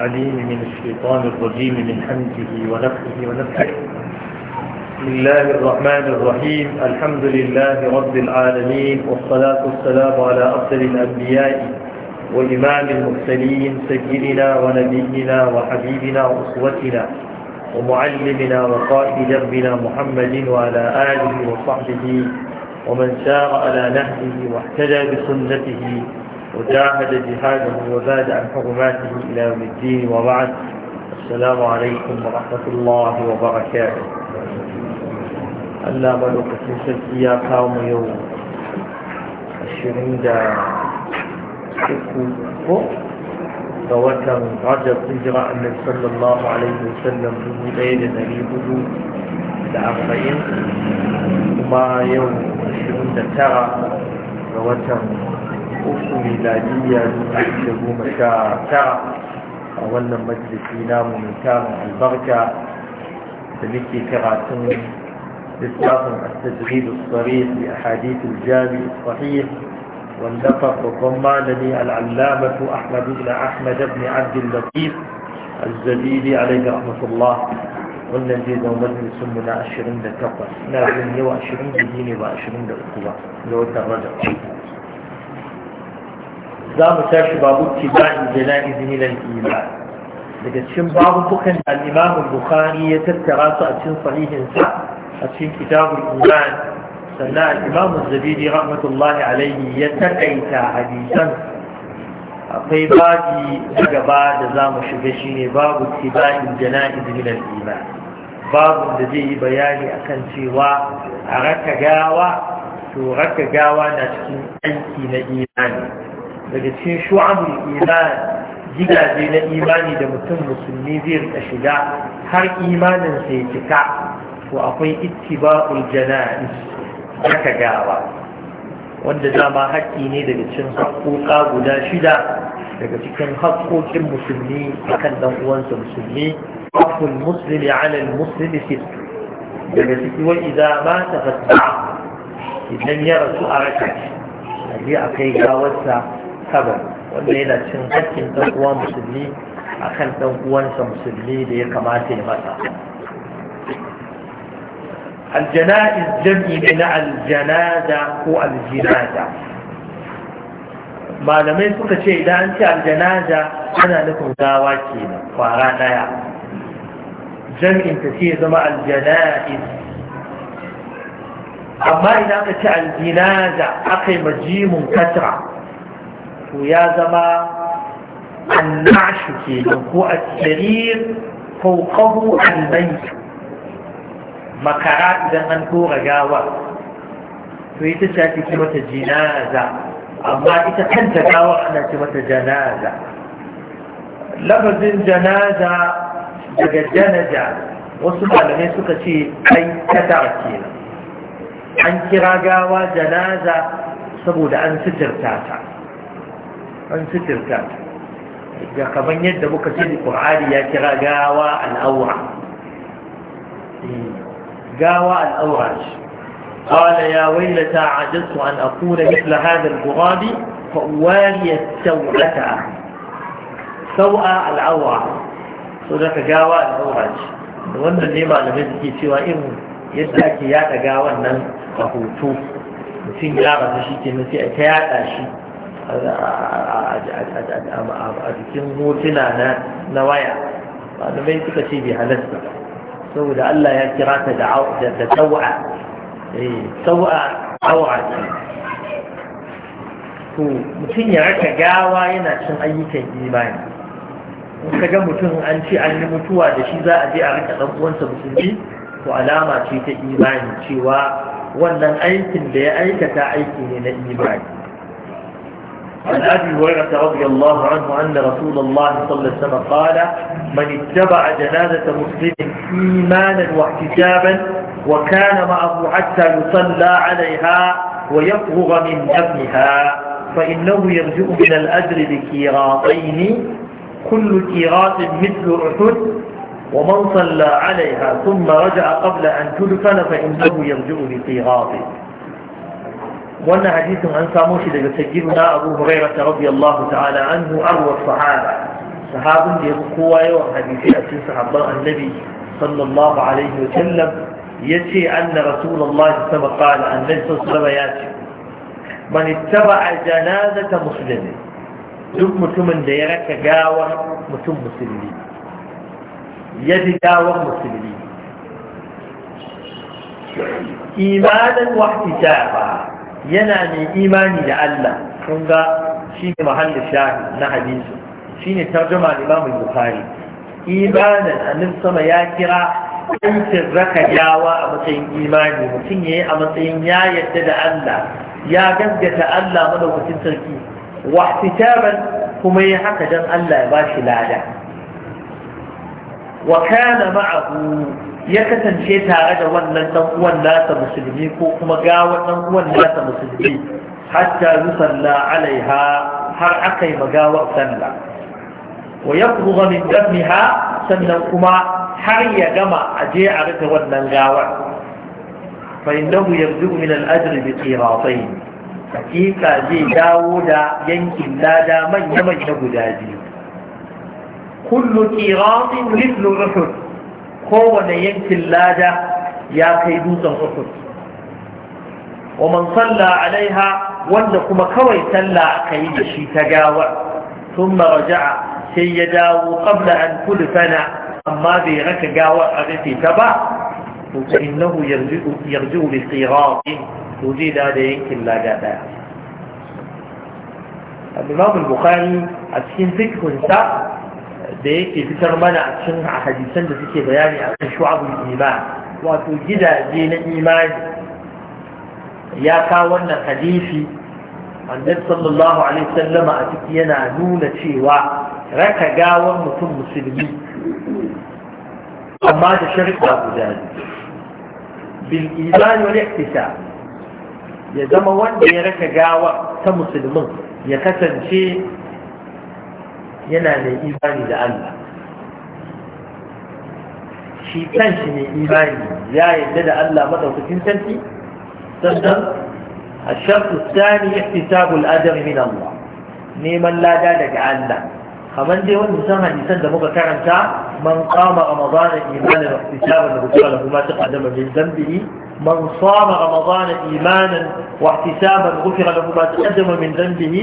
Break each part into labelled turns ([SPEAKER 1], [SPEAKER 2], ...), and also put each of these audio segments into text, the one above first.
[SPEAKER 1] العليم من الشيطان الرجيم من حمده ونفسه ونفسه بسم الله الرحمن الرحيم الحمد لله رب العالمين والصلاة والسلام على أفضل الأنبياء وإمام المرسلين سيدنا ونبينا وحبيبنا وأسوتنا ومعلمنا وقائد جربنا محمد وعلى آله وصحبه ومن سار على نهجه واهتدى بسنته وجاهد جهاده وزاد عن حرماته إلى يوم الدين وبعد السلام عليكم ورحمة الله وبركاته ألا بلغت تنسل يا قوم يوم الشريدة شكو فوكم رجب اجرى النبي صلى الله عليه وسلم في ليلة نبيه الأربعين وما يوم الشريدة ترى فوكم uku miladiyya da goma sha tara a wannan majalisi namu albarka da muke karatun littafin التجريد الصريح لأحاديث الجامع الصحيح والنفق الضمانني العلامة أحمد بن أحمد بن عبد اللطيف الزبيدي عليه رحمة الله wannan zai zama majalisun mu na 28 na yau 20 da ne ba 23 ba ga watan rajab za mu tashi babu tiba'in jana'izin ilal iman daga cikin babukan da al-imam ya tattara su a cikin farihin sa a cikin kitabul iman sannan al Zabiri az rahmatullahi alaihi ya takaita hadisan akwai babi na gaba da za mu shiga shine babu tiba'in jana'izin ilal iman babu da zai yi bayani akan cewa a raka gawa to raka gawa na cikin aiki na imani daga cikin shu'abul iman gidaje na imani da mutum musulmi zai rika shiga har imanin sa ya cika to akwai ittiba'ul jana'is daga gawa wanda dama haƙƙi ne daga cikin haƙƙoƙa guda shida daga cikin haƙƙoƙin musulmi akan ɗan uwansa musulmi haƙƙul musulmi, ala muslimi fitu daga ciki wa idan ba ta fata idan ya rasu a raka a a kai gawarsa sabar wanda yana cin hakkin ɗan uwa musulmi akan ɗan uwansa musulmi da ya kamata ya masa الجنائز جمعي من الجنازة هو الجنازة malamai suka ce idan an ce aljanaza ana nufin gawa ke kwara daya jam'in ta sai zama aljana'iz amma idan aka ce aljinaza aka yi majimun katra to ya zama annashu ke ko a sarir fauqahu albayt makara idan an tora gawa to ita ce ake ce mata jinaza amma ita kanta gawa ana ce mata janaza lafazin janaza daga janaza wasu malamai suka ce kai kadar kenan an kira gawa janaza saboda an sitirta ta an sitirta ga yadda muka ce ƙur'ani ya kira gawa al'awa eh, gawa al'awa ƙwada ya wailata a jinsu an akuna mitla hadar gurabi fa'uwari ya sau'ata sau'a al'awa so daga gawa al'awa da wanda ne malamai suke cewa irin yadda ake yaɗa gawan nan a hoto mutum ya rasu shi ke nufi a ta yada shi a jikin hotuna na waya malamai suka ce bai halasta saboda Allah ya kira ta da tawa eh, tawa tawa ce to mutum ya raka gawa yana cin ayyukan imani in ka ga mutum an ce an yi mutuwa da shi za a je a rika ɗan uwansa musulmi to alama ce ta imani cewa wannan aikin da ya aikata aiki ne na imani عن أبي هريرة رضي الله عنه أن رسول الله صلى الله عليه وسلم قال من اتبع جنازة مسلم إيمانا واحتسابا وكان معه حتى يصلى عليها ويفرغ من دفنها فإنه يرجع من الأجر بكيراطين كل كيراط مثل أحد ومن صلى عليها ثم رجع قبل أن تدفن فإنه يرجع بكيراطه وانا حديث عن ساموش لذا تجيبنا أبو هريرة رضي الله تعالى عنه أروى الصحابة صحابة حديث وحديثة صحابة النبي صلى الله عليه وسلم يتي أن رسول الله سبا قال أن من سلم ياتي من اتبع جنازة مسلم دوك متوم من ديرك قاوة متوم مسلمين يدي قاوة مسلمين إيمانا واحتسابا yana mai imani da Allah kun ga shi ne mahallin shahi na hadisi shi ne tarjuma da imamun bukari imanin annin sama ya kira aikin raka yawa a matsayin imani mutum ya yi a matsayin ya yadda da Allah ya gaskata Allah madaukakin sarki kuma واحتسابا كما يحكى جن الله باشي لادا وكان معه ya kasance tare da wannan dan uwan nasa musulmi ko kuma ga wannan uwan nasa musulmi hatta yusalla alaiha har aka yi magawar sallah wa yaqbugha min damiha sannan kuma har ya gama a je a rika wannan gawar fa innahu yabdu min al-ajr bi qiratayn hakika zai dawo da yankin lada manya manya guda biyu kullu qiratin mithlu uhud kowane yankin lada ya kai dutsen uhud wa man salla alaiha wanda kuma kawai salla aka yi da shi ta gawar sun raja'a sai ya dawo qabla an sana. amma bai raka gawar a rufe ta ba to fa innahu yarji'u bi siratin to zai da da yankin lada daya al-imam al-bukhari a cikin fikhunsa da yake fitar mana a cikin hadisan da suke bayani a kan shu'abul iman wato gidaje na imani ya kawo wannan hadisi annabi sallallahu alaihi wasallam a ciki yana nuna cewa raka gawar mutum musulmi amma da sharuɗa guda bil iman wal ihtisab ya zama wanda ya raka gawa ta musulmin ya kasance yana mai imani da Allah shi kanshi mai imani ya yadda da Allah madaukakin sarki sannan a shartu tsani ihtisabul adar min Allah neman lada daga Allah kamar dai wanda san hadisan da muka karanta man qama ramadana imanin wa ihtisaban ghufira lahu ma taqaddama min dhanbihi man sama ramadana imanan wa ihtisaban ghufira lahu ma taqaddama min dhanbihi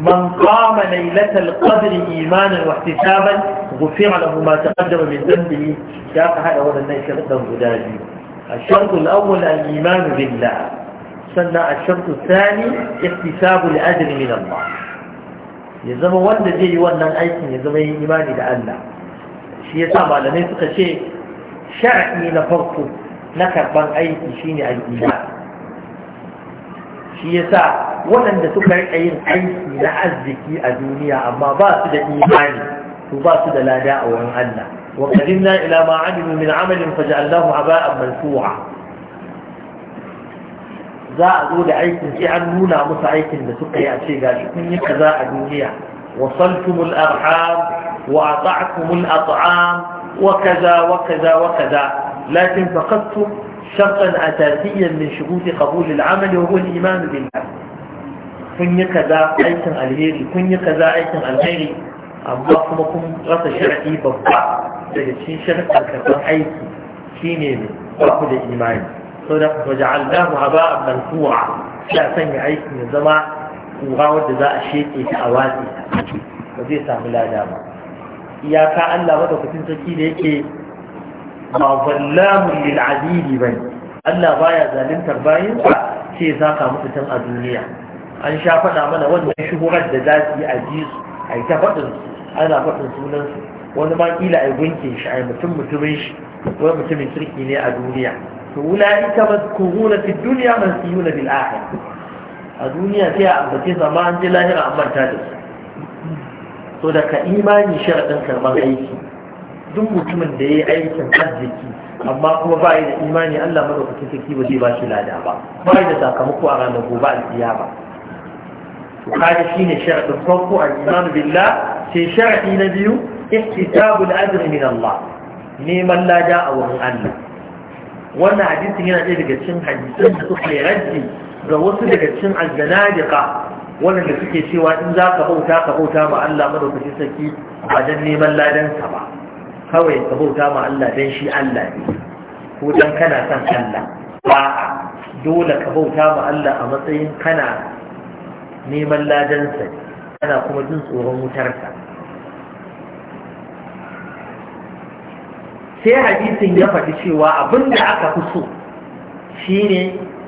[SPEAKER 1] من قام ليلة القدر إيمانا واحتسابا غفر له ما تقدم من ذنبه شاف هذا ولا ليس ذنب غداجي الشرط الأول الإيمان بالله سنة الشرط الثاني احتساب الأجر من الله يزم وند جي وند أيكن يزم إيمان لله شيء يسمع لما يفقه شيء شعبي نفرته نكر بان أيكن شيني الإيمان شيء يسمع waɗanda suka riƙa yin aiki na arziki a duniya amma ba su da imani to ba su da lada a wurin Allah wa qadimna ila ma amilu min amalin ja'alnahu aba'an mansura za a zo da aikin sai an nuna musu aikin da suka yi a ce gashi kun yi kaza a duniya وصلتم الأرحام وأطعتم الأطعام وكذا وكذا وكذا لكن فقدتم شرطا أساسيا من شروط قبول العمل وهو الإيمان بالله kun yi kaza aikin alheri kun yi kaza aikin alheri amma kuma kun rasa sharadi babba daga cikin sharadin karban aiki shine ne ku da imani so da ku ja'alnahu haba'an mansura ya sanya aikin ya zama kura wadda za a sheke shi a watsi ba zai samu lada ba iyaka Allah madaukakin sarki da yake ba zallamun lil azidi bane Allah baya zalintar bayin ce za ka mutu tun a duniya an sha faɗa mana wannan shuhurar da za su yi a ji su a yi ta faɗin ana faɗin sunan su wani ma kila a gunkin shi a yi mutum mutumin shi wani mutumin kirki ne a duniya to wula ulaika mazkuruna fi dunya mansiyuna bil akhirah a duniya sai a ambace su amma an je lahira an manta da su to daga imani sharaɗin karɓar aiki duk mutumin da ya yi aikin arziki amma kuma ba yi da imani Allah madaukakin sarki ba zai ba shi lada ba ba yi da sakamako a ranar gobe a alƙiyama ba وقال شين شرط الصوت الإيمان بالله في شرط نبي احتساب الأجر من الله نيما لا جاء وهو أنه wannan hadisin yana ɗaya daga cikin hadisan da suka yi raddi ga wasu daga cikin aljanadiqa waɗanda suke cewa in za ka bauta ka bauta ma Allah madaukakin sarki ba don neman ladansa ba kawai ka bauta ma Allah don shi Allah ne ko don kana son Allah dole ka bauta ma Allah a matsayin kana neman ladansa yana kuma jin tsoron wutarsa sai hadisin ya faɗi cewa abin da aka fi so Shi shine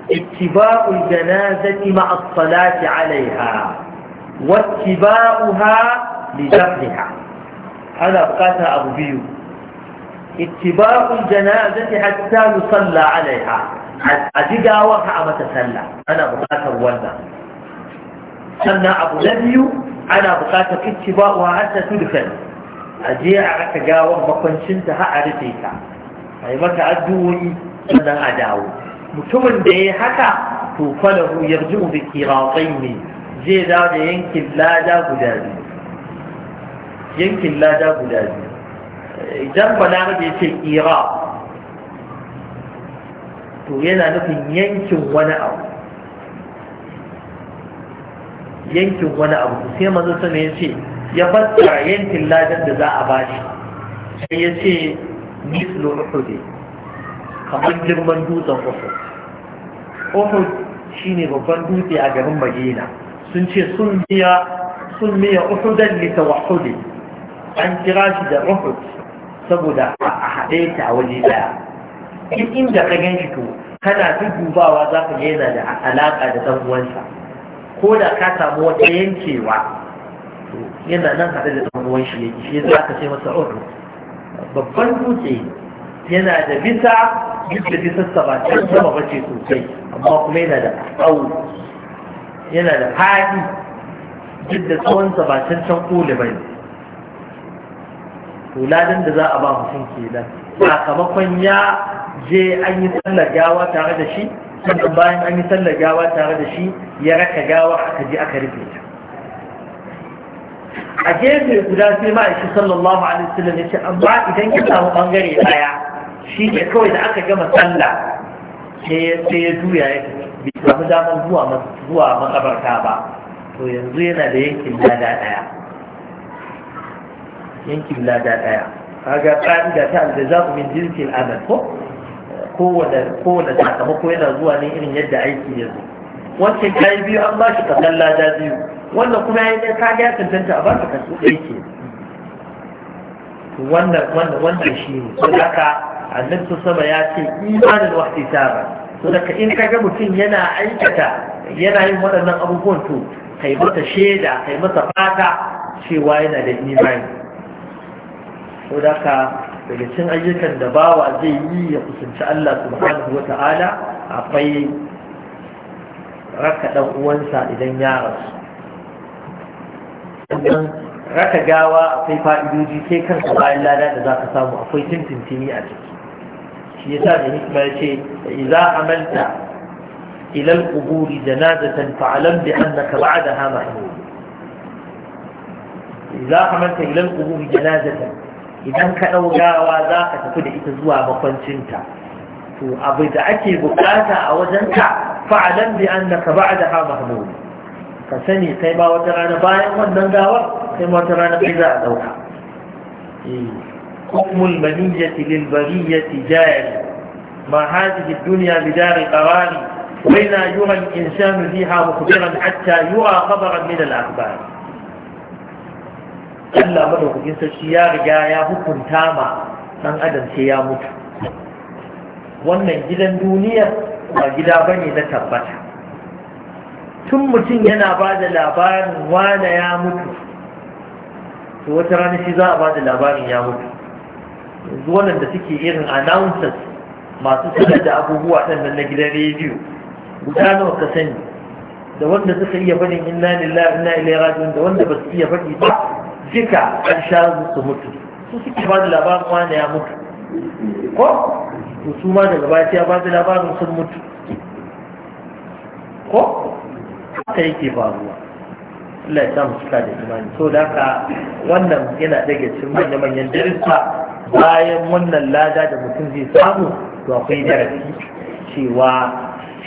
[SPEAKER 1] ittiba'ul janazati ma'a salati 'alayha wa ittiba'uha li dafniha ana buƙatar abu biyu ittiba'ul janazati hatta yusalla 'alayha a jigawa ka a mata sallah ana buƙatar wannan sannan abu na biyu ana bukatar kicci ba wa hatta tudufan ajiye je a raka gawar makwancin ta har a rufe ta a yi mata addu'o'i sannan a dawo mutumin da ya haka to falahu yarji'u bi ne zai dawo da yankin lada guda biyu yankin lada guda biyu idan balarabe ya ce kira to yana nufin yankin wani abu yankin wani abu sai manzo sama ya ce ya bata yankin ladan da za a bashi sai ya ce mislu uhud kamar girman dutsen uhud uhud shine babban dutse a garin madina sun ce sun biya sun miya uhudan li tawahhudi an kira shi da uhud saboda a haɗe ta a waje daya duk inda ka gan shi to kana ta dubawa za ka yana da alaƙa da ɗan uwansa ko da ka samu wata yankewa yana nan haɗe da ɗan ruwan shi yake shi za ka ce masa uru oh, babban dutse yana da bisa duk da bisa saba can sama bace sosai amma kuma yana da tsawo yana da faɗi duk da tsawon saba can can kole bai tuladin da za a ba mutum kenan sakamakon ya je an yi sallar gawa tare da shi sannan bayan an yi sallar gawa tare da shi ya raka gawa aka je aka rufe ta a gefe guda sai ma'aishi sallallahu alaihi wasallam ya ce amma idan ya samu bangare daya shi ne kawai da aka gama sallah sai ya juya ya bai samu damar zuwa zuwa makabarta ba to yanzu yana da yankin lada daya yankin lada daya kaga ka'ida ta aljazaa'u min jinsil amal ko kowane sakamako yana zuwa ne irin yadda aiki ya zo wancan yi biyu an ba shi kalla da biyu wannan kuma ya yi ka ya tantanta a ba ka kasu ɗaya ke wannan shi ne so haka annabi su sama ya ce imanin wahti saba su daga in kaga mutum yana aikata yana yin waɗannan abubuwan to kai mata shaida kai masa fata cewa yana da imani so daga cin ayyukan da bawa zai yi ya kusanci Allah subhanahu wata'ala akwai raka dan uwansa idan ya rasu sannan raka gawa akwai fa'idoji kai kanka bayan lada da ka samu akwai tintintini a ciki shi ya yasa da hikima yace idza amalta ila al-qubur janazatan fa'lam bi annaka ba'daha mahmud idza amalta ila al-qubur janazatan idan ka ɗau gawa za ka tafi da ita zuwa makwancinta to abu da ake bukata a wajenka fa'adan bi an da ka ba da hama mahmud ka sani kai ba wata rana bayan wannan gawar kai ma wata rana kai za a ɗauka eh, hukmul maniyyati lil bariyyati jari ma hadhihi dunya bidari qarari baina yuha al-insanu fiha mukhbiran hatta yuha khabaran min al-akhbar Allah madaukakin sarki ya riga ya hukunta ma dan adam sai ya mutu wannan gidan duniya ba gida bane na tabbata tun mutum yana ba da labarin wane ya mutu to wata rana shi za a ba da labarin ya mutu yanzu wannan da suke irin announcers masu sanar da abubuwa ɗannan na gidan rediyo guda nawa ka sani da wanda suka iya faɗin inna lillahi inna ilaihi raji'un da wanda ba su iya faɗi ba duka an sha su mutu su suke ba da labarin wani ya mutu ko su ma daga baya ya ba da labarin sun mutu ko haka yake faruwa Allah ya sa mu cika da imani so da haka wannan yana daga cikin manyan manyan darussa bayan wannan lada da mutum zai samu to akwai darasi cewa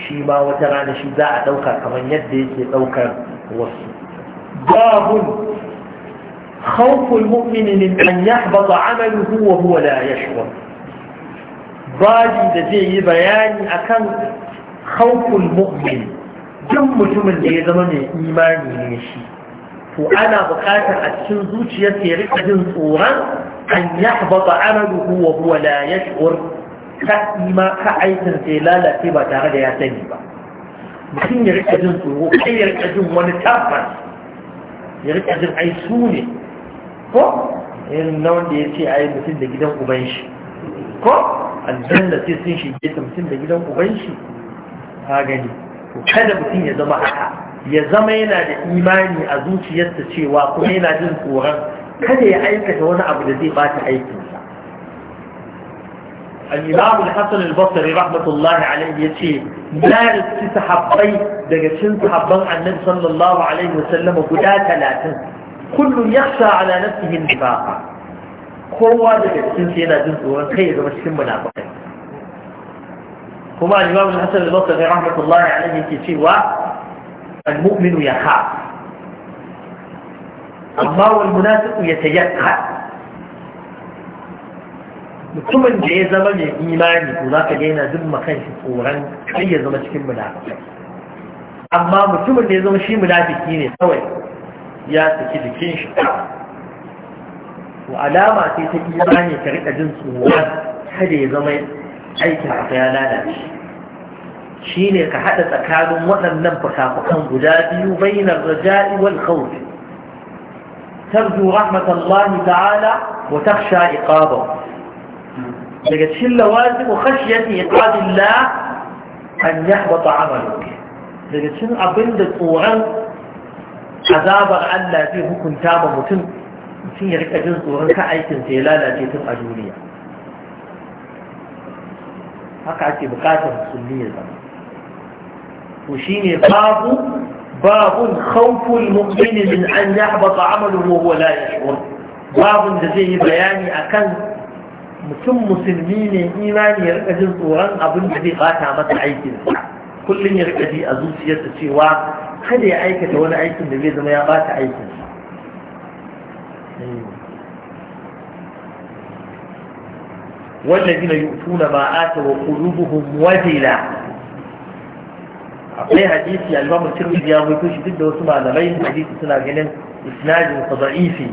[SPEAKER 1] shi ma wata rana shi za a ɗauka kamar yadda yake ɗaukar wasu babun خوف المؤمن من أن يحبط عمله وهو لا يشعر باجي دجي بياني أكن خوف المؤمن جم متمن دي زمن إيماني نشي وأنا بقاتا أتشن زوجي يتيرك جن صورا أن يحبط عمله وهو لا يشعر كأيما كأيسن سيلالة تبا تغدي يتني با mutum ya rika jin tsoro kai ya rika jin wani tabbas ya rika jin ai su ne ko in na wanda ya ce a yi mutum da gidan uban shi ko aljanna sai sun shige ta mutum da gidan uban shi ka gani kada mutum ya zama haka ya zama yana da imani a zuciyarsa cewa kuma yana jin tsoron kada ya aikata wani abu da zai bata aikinsa al-imam al-hasan al-basri rahmatullahi alayhi yace na riski sahabbai daga cikin sahabban annabi sallallahu alaihi wasallam guda 30 كل يخشى على نفسه النفاق هو ذلك السنسي هنا جزء وخير ومشكل منافق هما الإمام الحسن البصري رحمة الله عليه في شيء المؤمن يخاف أما والمناسب يتيقع ثم جاي زمن الإيمان هناك جينا زم مكان شفورا أي زمن شكل منافق أما ثم جاي زمن شيء منافقين سوي ya saki jikin shi to alama ce ta imani ka rika jin tsoron kada ya zama aikin ka ya lalace shi ne ka haɗa tsakanin waɗannan fuka-fukan guda biyu bainar raja'i wal khawf tarju rahmatallahi ta'ala wa takhsha iqabahu daga cikin lawazim khashyati iqabillah an yahbata amaluka daga cikin abinda tsoron azabar Allah zai hukunta ma mutum mutum ya rika jin tsoron ka aikin ya lalace tun a duniya haka ake bukatar musulmi ya zama to shine babu babun khawful mu'min min an yahbata amaluhu wa la yash'ur babun da zai yi bayani akan mutum musulmi ne imani ya rika jin tsoron abin da zai bata masa aikin kullum ya rika ji a zuciyarsa cewa kada ya aikata wani aikin da zai zama ya bata aikin والذين يؤتون ما آتوا وقلوبهم وجلة akwai hadisi al-Imam Tirmidhi ya mutu shi duk da wasu malamai hadisi suna ganin isnadin sa da'ifi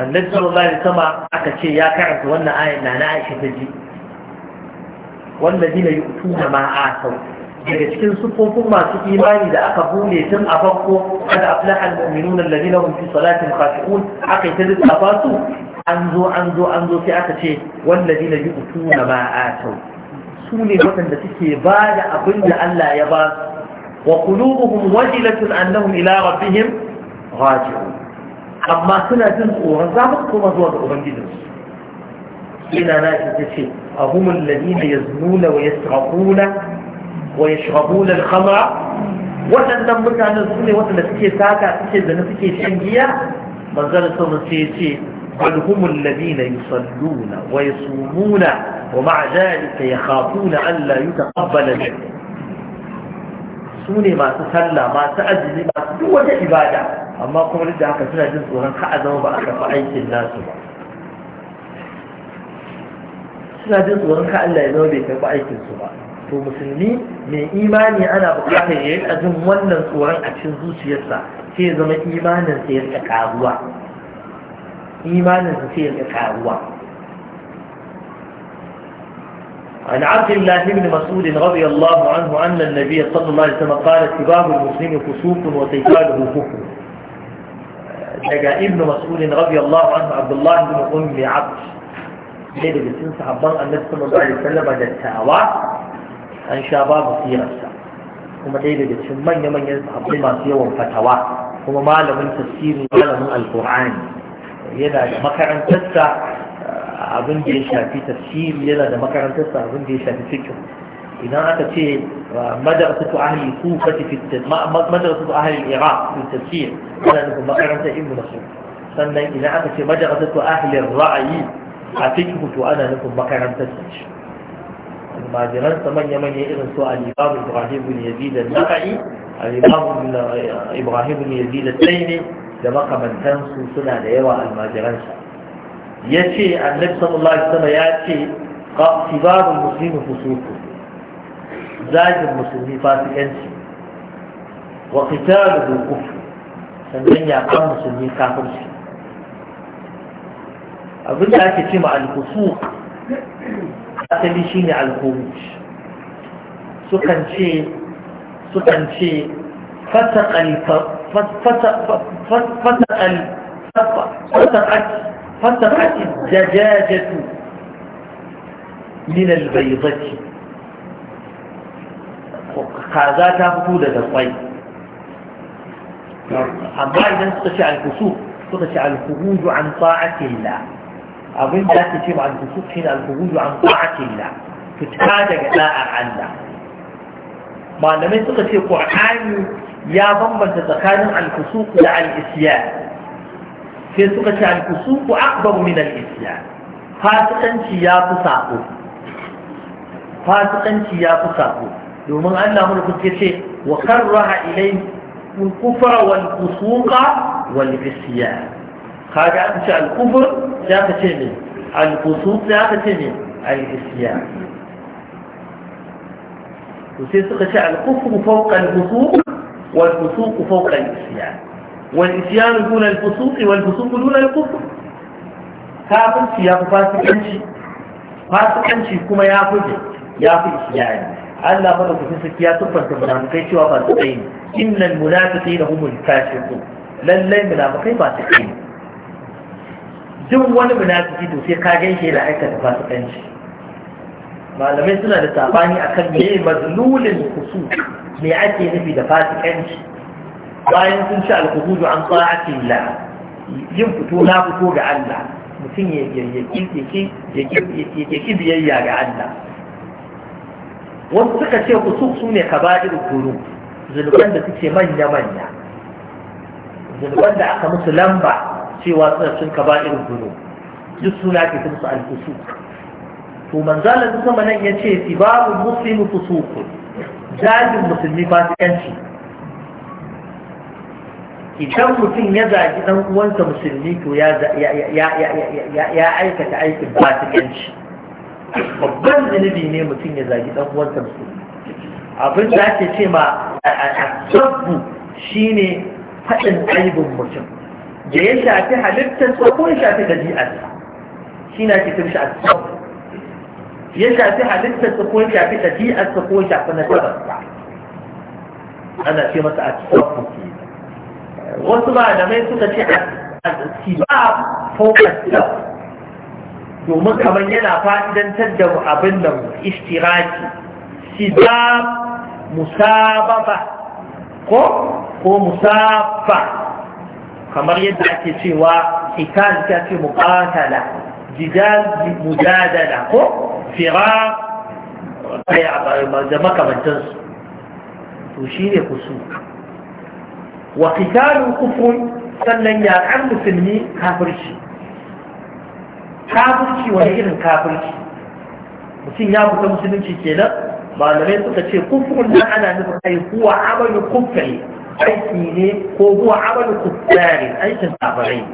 [SPEAKER 1] Annabi sallallahu alaihi wasallam aka ce ya karanta wannan ayan na Aisha ta ji wallazina yu'tuna ma atau daga cikin sufofin masu imani da aka bude tun a farko kada aflahal mu'minuna alladhina hum fi salatin khashi'un aka ta lissafa su an zo an zo an zo sai aka ce walladhina yu'tuna ma atau su ne waɗanda suke ba da abin da Allah ya ba su wa qulubuhum wajilatun annahum ila rabbihim raji'un amma suna jin tsoron za mu koma zuwa ga ubangijinsu ina na ita ce ahumul ladina yaznuna wa yasraquna wa yashrabuna al-khamra waɗannan mutanen su ne waɗanda suke saka suke zane suke shan giya manzon sallallahu alaihi wasallam ce bal humul ladina yusalluna wa yasumuna wa su ne masu sallah masu azumi masu duk wata ibada amma kuma duk da haka suna jin tsoron ka zama ba a karɓi aikin nasu ba suna jin tsoron ka Allah ya zama bai karɓi aikin su ba to musulmi mai imani ana bukatar ya rika jin wannan tsoron a cikin zuciyarsa sai ya zama imanin sa ya rika karuwa imanin sa sai ya rika karuwa عن عبد الله بن مسعود رضي الله عنه أن النبي صلى الله عليه وسلم قال اتباع المسلم فسوق وتجاهله كفر daga ibn mas'ulin radiyallahu anhu abdullahi ibn ummi abd sai daga cikin sahabban annabi sallallahu alaihi wasallam da tawa an sha babu sirarsa kuma ɗaya daga cikin manya-manyan sahabbai masu yawan fatawa kuma malamin tafsiri malamin alkur'ani yana da makarantarsa eh, abin da ya shafi tafsiri yana da makarantarsa abin da ya shafi fikin idan aka ce eh, madrasatu ahli kufa fi madrasatu ahli iraq fi tafsir ana nufin makarantar ibnu mas'ud sannan idan aka ce madrasatu ahli ra'ayi a fiqh to ana nufin makarantar shi almajiransa manya-manya irin su Alibabu ibrahim bin yazid al-naqai Alibabu eh, ibrahim bin yazid al-taini da makamantansu suna da yawa almajiransa ya ce annabi sallallahu alaihi wasallam ya ce qatibabul muslimi fusuku zagin musulmi fasikanci wa qitaluhu kufr sannan ya kan musulmi kafirci abin da ake ce ma al-fusuq تبي على الخروج سكن شيء سكن شيء فتق الف فتق فتق فتق الدجاجة من البيضة هذا تفقد الطيب أما إذا سكت على الكسوف سكت الخروج عن طاعة الله abin da ake ce ba al-fusuqin al-khuruju an ta'atillah fita daga da'a Allah malamai suka ce Qur'ani ya bambanta tsakanin al-fusuq da al-isyan sai suka ce al-fusuq akbar min al-isyan fasikanci ya fi sako fasikanci ya fi sako domin Allah mulkin ya ce wa karraha ilayhi الكفر wal والعصيان kaga an ce al-kufr ya ka ce ne al-fusuq ya ka ce ne al-isyan to sai suka ce al-kufr fawqa al-fusuq wal fusuq fawqa al-isyan wal isyan dun al-fusuq wal fusuq dun al-kufr kafirci ya fi fasikanci fasikanci kuma ya fi ya fi isyani Allah mana ku saki ya tuffanta munafikai cewa ba su tsaye innal munafiqina humul fasiqun lallai munafikai ba su tsaye duk wani munafiki to sai ka gan shi da aikata fasikanci malamai suna da sabani akan me mazlulin kusu mai ake nufi da fasikanci bayan sun ci alkuhudu an sa'ati la yin fito na fito ga Allah mutum ya ƙi biyayya ga Allah wasu suka ce kusu su ne ka ba kaba'ir guru zunuban da suke manya-manya zunuban da aka musu lamba cewa suna cin kaba'ir zuno duk suna ke musu su fusuq to Manzala su sama nan ya ce, yace tibabu muslimu fusuq jajin musulmi fasikanci idan mutum ya zagi dan uwansa musulmi to ya aikata aikin fasikanci babban zunubi ne mutum ya zagi dan uwansa musulmi abin da ake ce ma a sabbu shine faɗin aibin mutum da ya shafi halittarsa ko ya shafi ɗabi'arsa shi na ke tumshi a ya shafi halittarsa ko ya shafi ɗabi'arsa ko ya shafi nasararsa ana ce masa a cikin wasu ba da mai suka ce a sibab ko a domin kamar yana fa'idantar da abin da ishtiraki sibab musababa ko ko musabba kamar yadda ake cewa qital ta ce muqatala jidal mujadala ko fira. a firar da makamantansu to shi ne kusu wa qitalu kufrun sannan yaƙar musulmi kafirci kafirci wani irin kafirci mutum ya fita musulunci kenan malamai suka ce kufrun nan ana nufin ai kuwa amalu kufri aiki ne ko zuwa amalu kuffari aikin safarai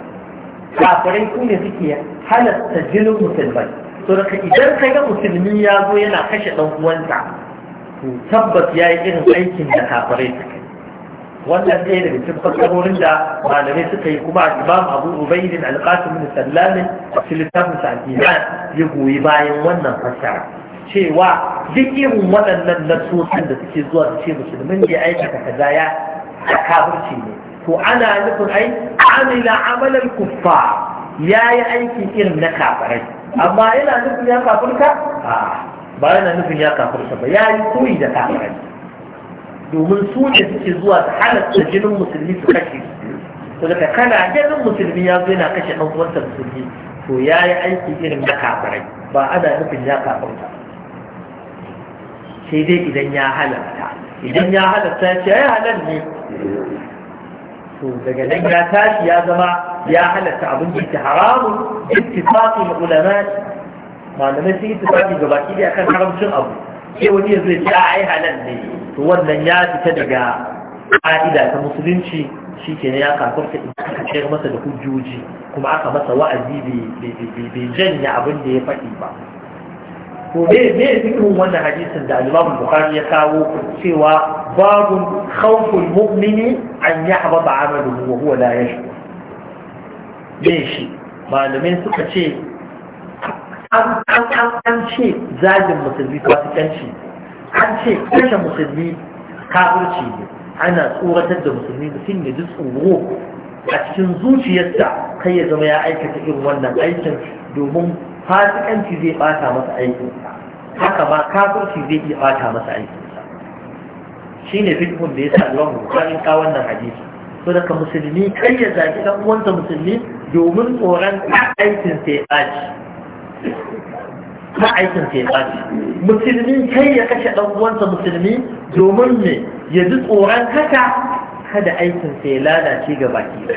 [SPEAKER 1] kafirai su ne suke halatta jinin musulmai to daga idan ka ga musulmi ya zo yana kashe ɗan uwanta, to tabbas ya yi irin aikin da kafirai suka wannan ɗaya daga cikin fassarorin da malamai suka yi kuma imam abu ubaidin alƙasim bin sallamin a littafin sa ya goyi bayan wannan fassara cewa duk irin waɗannan nasosin da suke zuwa su ce musulmin ya aikata kaza ya kafirci ne to ana nufin ai amila amalan kuffa ya yi aiki irin na kafirai amma yana nufin ya kafirka ba yana nufin ya kafirka ba ya yi koyi da kafirai domin su ne suke zuwa su halatta jinin musulmi su kashe su daga kana ganin musulmi ya zo yana kashe ɗan uwansa musulmi to ya yi aiki irin na kafirai ba ana nufin ya kafirka sai dai idan ya halatta idan ya halatta ya ce ya halal ne to daga nan ya tashi ya zama ya halatta abin da ke haramun ittifaqi na ulama malamai sun ittifaqi ga baki da kan haramcin abu sai wani ya zai ce a ai halal ne to wannan ya fita daga ka'ida ta musulunci shi ke ya kafarta in aka kai masa da hujjoji kuma aka masa wa'azi bai janya abin da ya faɗi ba to me me irin wannan hadisin da Imam Bukhari ya kawo cewa babun khawful mu'mini an yahbaba amaluhu wa huwa la yashku me shi malamin suka ce an an an an ce zagin musulmi fasikanci an ce kashe musulmi kafirci ne ana tsoratar da musulmi mutum ya ji tsoro a cikin zuciyarsa kai ya zama ya aikata irin wannan aikin domin fasikanci zai bata masa aikinsa haka ma kafirci zai iya bata masa aikinsa Shi shine fikhun da yasa Allah ya kawo wannan hadisi so daga musulmi kai ya zaki dan uwansa musulmi domin tsoron aikin sai baci ka aikin sai baci musulmi kai ya kashe dan uwansa musulmi domin me ya ji tsoron haka kada aikin sai lalace ga baki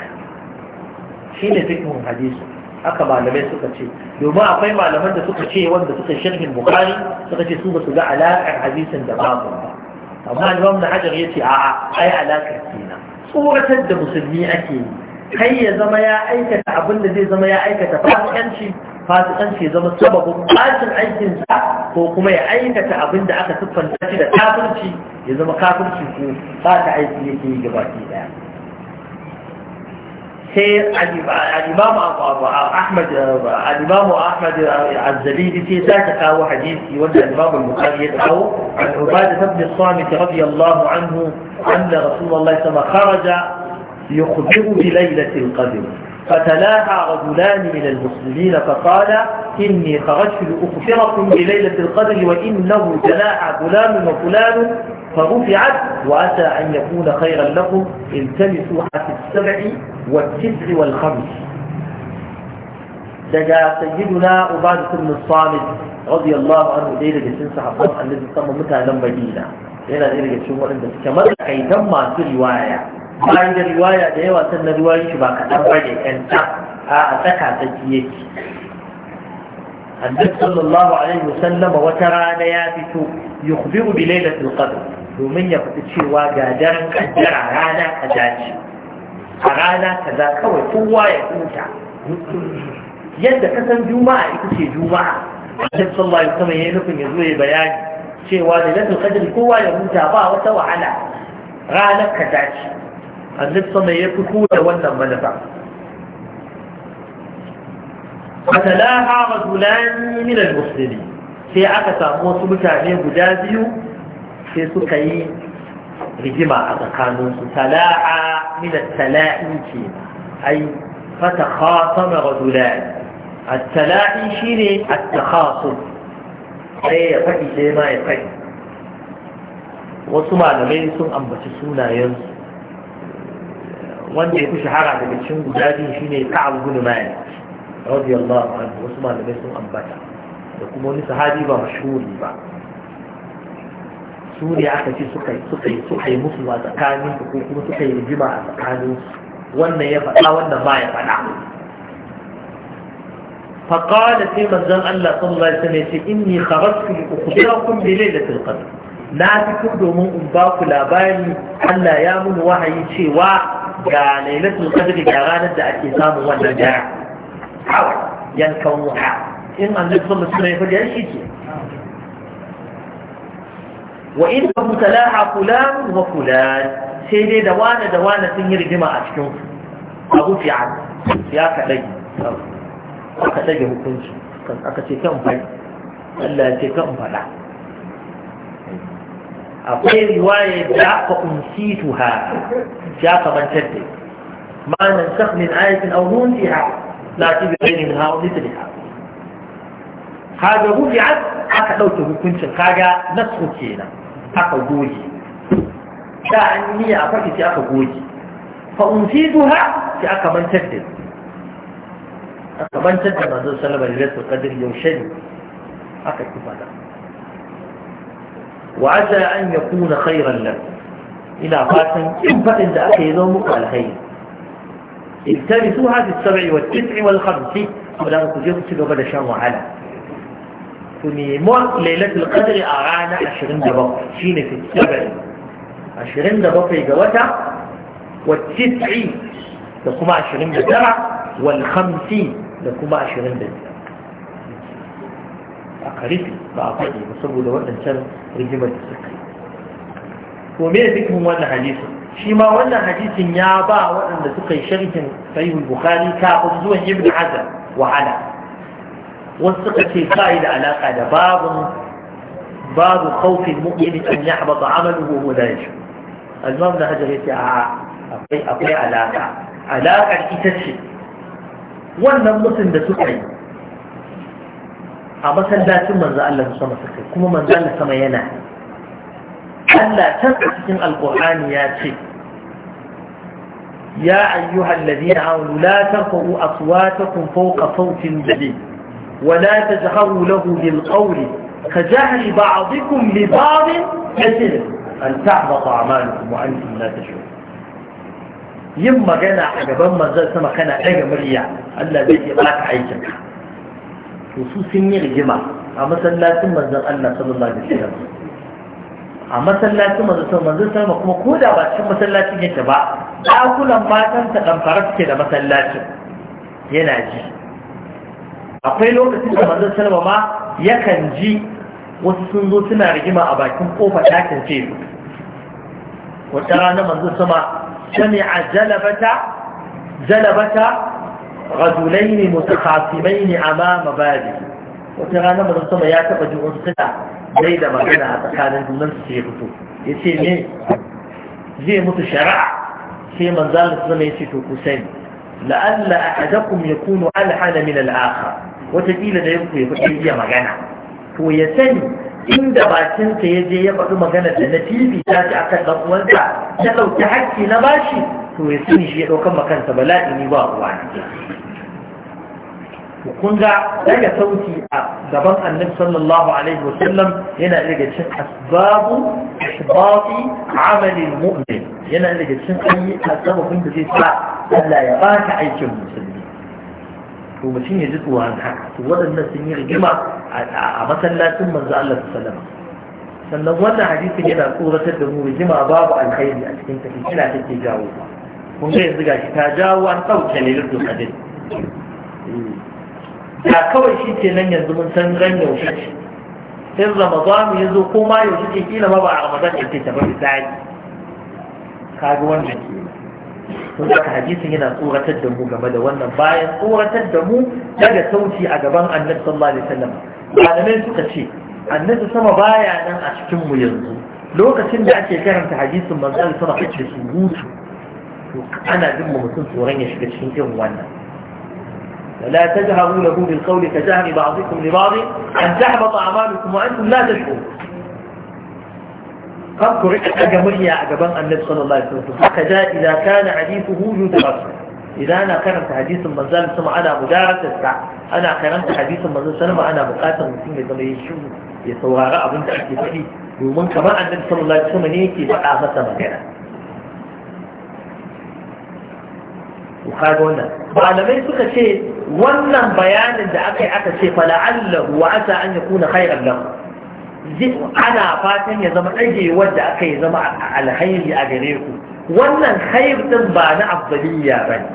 [SPEAKER 1] shi ne fikhun hadisi haka malamai suka ce domin akwai malaman da suka ce wanda suka sharhin bukari suka ce su ba su ga alaƙar hadisin da babu ba amma imam na hajar ya ce a'a ai alaƙar kenan tsoratar da musulmi ake yi kai ya zama ya aikata abin da zai zama ya aikata fasikanci fasikanci ya zama sababin bacin aikinsa ko kuma ya aikata abin da aka siffanta shi da kafirci ya zama kafirci ko ba ta aiki yake yi gabaki daya سير الإمام أحمد الإمام أحمد الزبيدي في ذاك قاوة حديث في الإمام البخاري أو عن عبادة بن الصامت رضي الله عنه أن رسول الله صلى الله عليه وسلم خرج يخبر بليلة القدر فتلاها رجلان من المسلمين فقال إني خرجت لأخبركم بليلة القدر وإنه جناح فلان وفلان فرفعت وأتى أن يكون خيرا لكم التمسوا حتى السبع والتسع والخمس دجا سيدنا عبادة بن الصامت رضي الله عنه دير جسين صحابات الذي تم متعلم مدينة إلى دير جسين وإن كما كي في رواية bayan da riwaya da yawa sannan riwayoyin shi ba kaɗan ba ne ɗan ta a tsaka tsaki ki. annabi sallallahu alaihi wasallam wata rana ya fito yukhbiru bi lailatul qadr domin ya fita cewa ga daren kaddara rana kaza ce a rana kaza kawai kowa ya huta yadda ka san juma'a ita ce juma'a annabi sallallahu alaihi wasallam ya nufin ya zo ya bayani cewa da lailatul qadr kowa ya huta ba wata wahala ranar kaza ce annabi sama ya fito da wannan manufa fatalaha rajulan min al-muslimin sai aka samu wasu mutane guda biyu sai suka yi rigima a tsakaninsu tala'a min al ce ai fata khatama rajulan al-tala'i shine at-takhasum sai ya faɗi sai ma ya faɗi wasu malamai sun ambaci sunayensu wanda ya fi shahara daga cikin guda biyu shine Ka'ab ibn Malik radiyallahu anhu wasu malamai sun ambata da kuma wani sahabi ba mashhuri ba su ne aka ce suka suka suka yi musu a tsakanin su ko kuma suka yi rigima a tsakanin wannan ya faɗa wannan ba ya faɗa Allah فقال في مزان الله صلى الله عليه ku إني kun لأخبركم بليلة القدر na fito domin in ba ku labari Allah ya mun wahayi cewa ga lailatul qadri ga ranar da ake samun wannan dara kawai yankan wuha in an zai kuma suna yafi da shi ke wa in ka mutalaha fulan wa fulan sai dai da wane da wane sun yi rigima a cikin abu fi'al ya kaɗai aka ɗage hukunci aka ce kan bai Allah ya ce kan faɗa akwai riwaya da fa unsituha ya kabantar da ma nan sakh min ayatin aw nunsiha la tibni min ha wa mithliha kaga rufi'at aka dauke hukuncin kaga nasu kenan aka goge da an niyya a faɗi sai aka goge fa unsituha sai aka mantar da aka mantar da manzon sallallahu alaihi wasallam yaushe ne aka kifa da وعسى أن يكون خيرا لكم إلى إن فإن ذاك على خير التمسوها في السبع والتسع والخمس ولا تجيب سبب بدا شان وعلا تنيمون ليلة القدر أعانى عشرين دبقى شين في السبع عشرين دبقى جوتا والتسع لكم عشرين دبقى والخمسين لكم عشرين دبقى A rufe ba a faɗi ba saboda waɗancan rigimar da suka yi to me zikin wannan hadisin shi ma wannan hadisin ya ba waɗanda suka yi sharhin sahihul bukhari kafin zuwan ibn hazar wahala wasu suka ce ba da alaka da babun باب خوف المؤمن أن يحبط عمله al لا يشعر Hajar ده حاجة يتي akwai أقي علاقة ita ce. wannan mutum da suka yi a masallacin manzo Allah sama suka kuma manzo Allah sama yana Allah can cikin alqur'ani ya ce يا أيها الذين آمنوا لا ترفعوا أصواتكم فوق صوت النبي ولا تجهروا له بالقول كجهر بعضكم لبعض مثل أن تحبط أعمالكم وأنتم لا تشعرون يما جنا عجبا ما زال سما كان أجمع مريع الله بيجي راك عيشك to su sun yi rigima a masallacin manzon Allah sallallahu alaihi wasallam a masallacin manzon sallallahu alaihi wasallam kuma ko da ba cikin masallacin yake ba dakunan matan ta kamfara suke da masallacin yana ji akwai lokacin da manzon sallallahu ma yakan ji wasu sun zo suna rigima a bakin kofar ɗakin ce wata rana manzon sama a jalabata jalabata rajulaini mutakhasimaini amama badi wata rana mun sama ya taba ji wasu suna dai da magana a tsakanin junan su sai fito yace ne zai mutu shari'a sai manzo Allah sama yace to ku sani la'alla ahadakum yakunu alhana min al-akhar wata kila da yanku ya fito iya magana to ya sani inda bakinsa ya je ya faɗi magana da na TV ta akan ɗan uwansa ta ɗauki hakki na bashi to ya sani shi ya ɗaukan makansa ba ne ba ruwa ne kun ga daga sauki a gaban annabi sallallahu alaihi wa sallam yana daga cikin asbabu ihbati amalin mu'min yana daga cikin ayyuka sababin da zai sa Allah ya baka aikin musulmi to mutum ya ji tsoron haka to waɗannan sun yi rigima a masallacin manzo Allah sallallahu alaihi wa sannan wannan hadisin yana tsoratar da mu rigima babu alkhairi a cikin tafi kina take jawo ba kun ga yanzu shi ta jawo an ɗauke lardun qadr da kawai shi ke nan yanzu mun san ran yaushe ce sai ramadan ya zo ko ma yaushe ke kila ma ba a ramadan ya ce ta ba misali ga wannan ke sun hajji hadisin yana tsoratar da mu game da wannan bayan tsoratar da mu daga sauti a gaban annabi sallallahu alaihi wasallam malamai suka ce annabi sama baya nan a cikin mu yanzu lokacin da ake karanta hadisin manzo Allah sama kace su hutu أنا ذم مثل سورين mutum tsoron وانا shiga تجهروا له بالقول كجهر بعضكم لبعض أن تحبط أعمالكم وأنتم لا تشعرون قد قرئت أجمعي أعجبا النبي صلى الله عليه وسلم هكذا إذا كان حديثه يدرس إذا أنا كرمت حديث المنزل سمع أنا مدارس الساعة أنا كرمت حديث المنزل سمع أنا مقاتل مسلم يزم يشوف يتوارى أبن تحكي فيه ومن كمان النبي صلى الله عليه وسلم يكي بقى مثلا to kaga wannan malamai suka ce wannan bayanin da aka yi aka ce fa la'allahu wa asa an yakuna khairan lahu ana fatan ya zama ɗage wanda aka yi zama alhairi a gare ku wannan khair din ba na afdaliya ba ne.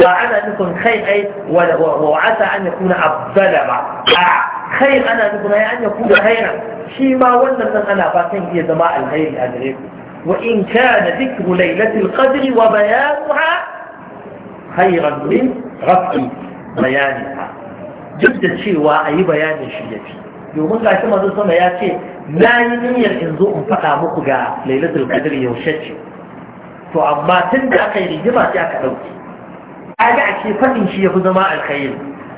[SPEAKER 1] ba ana nufin kai ai wa asa an yakuna afdala ba a khair ana nufin ai an yakuna khairan shi ma wannan nan ana fatan ya zama alhairi a gare ku Wa in وإن كان ذكر ليلة القدر وبيانها khairan min rafi bayaniha duk da cewa a yi bayanin shi ya fi domin ga shi manzo sama ya ce na yi niyyar in zo in faɗa muku ga lailatul qadr yaushe ce to amma tun da aka yi rigima sai aka ɗauke kaga ake faɗin shi ya fi zama alkhair,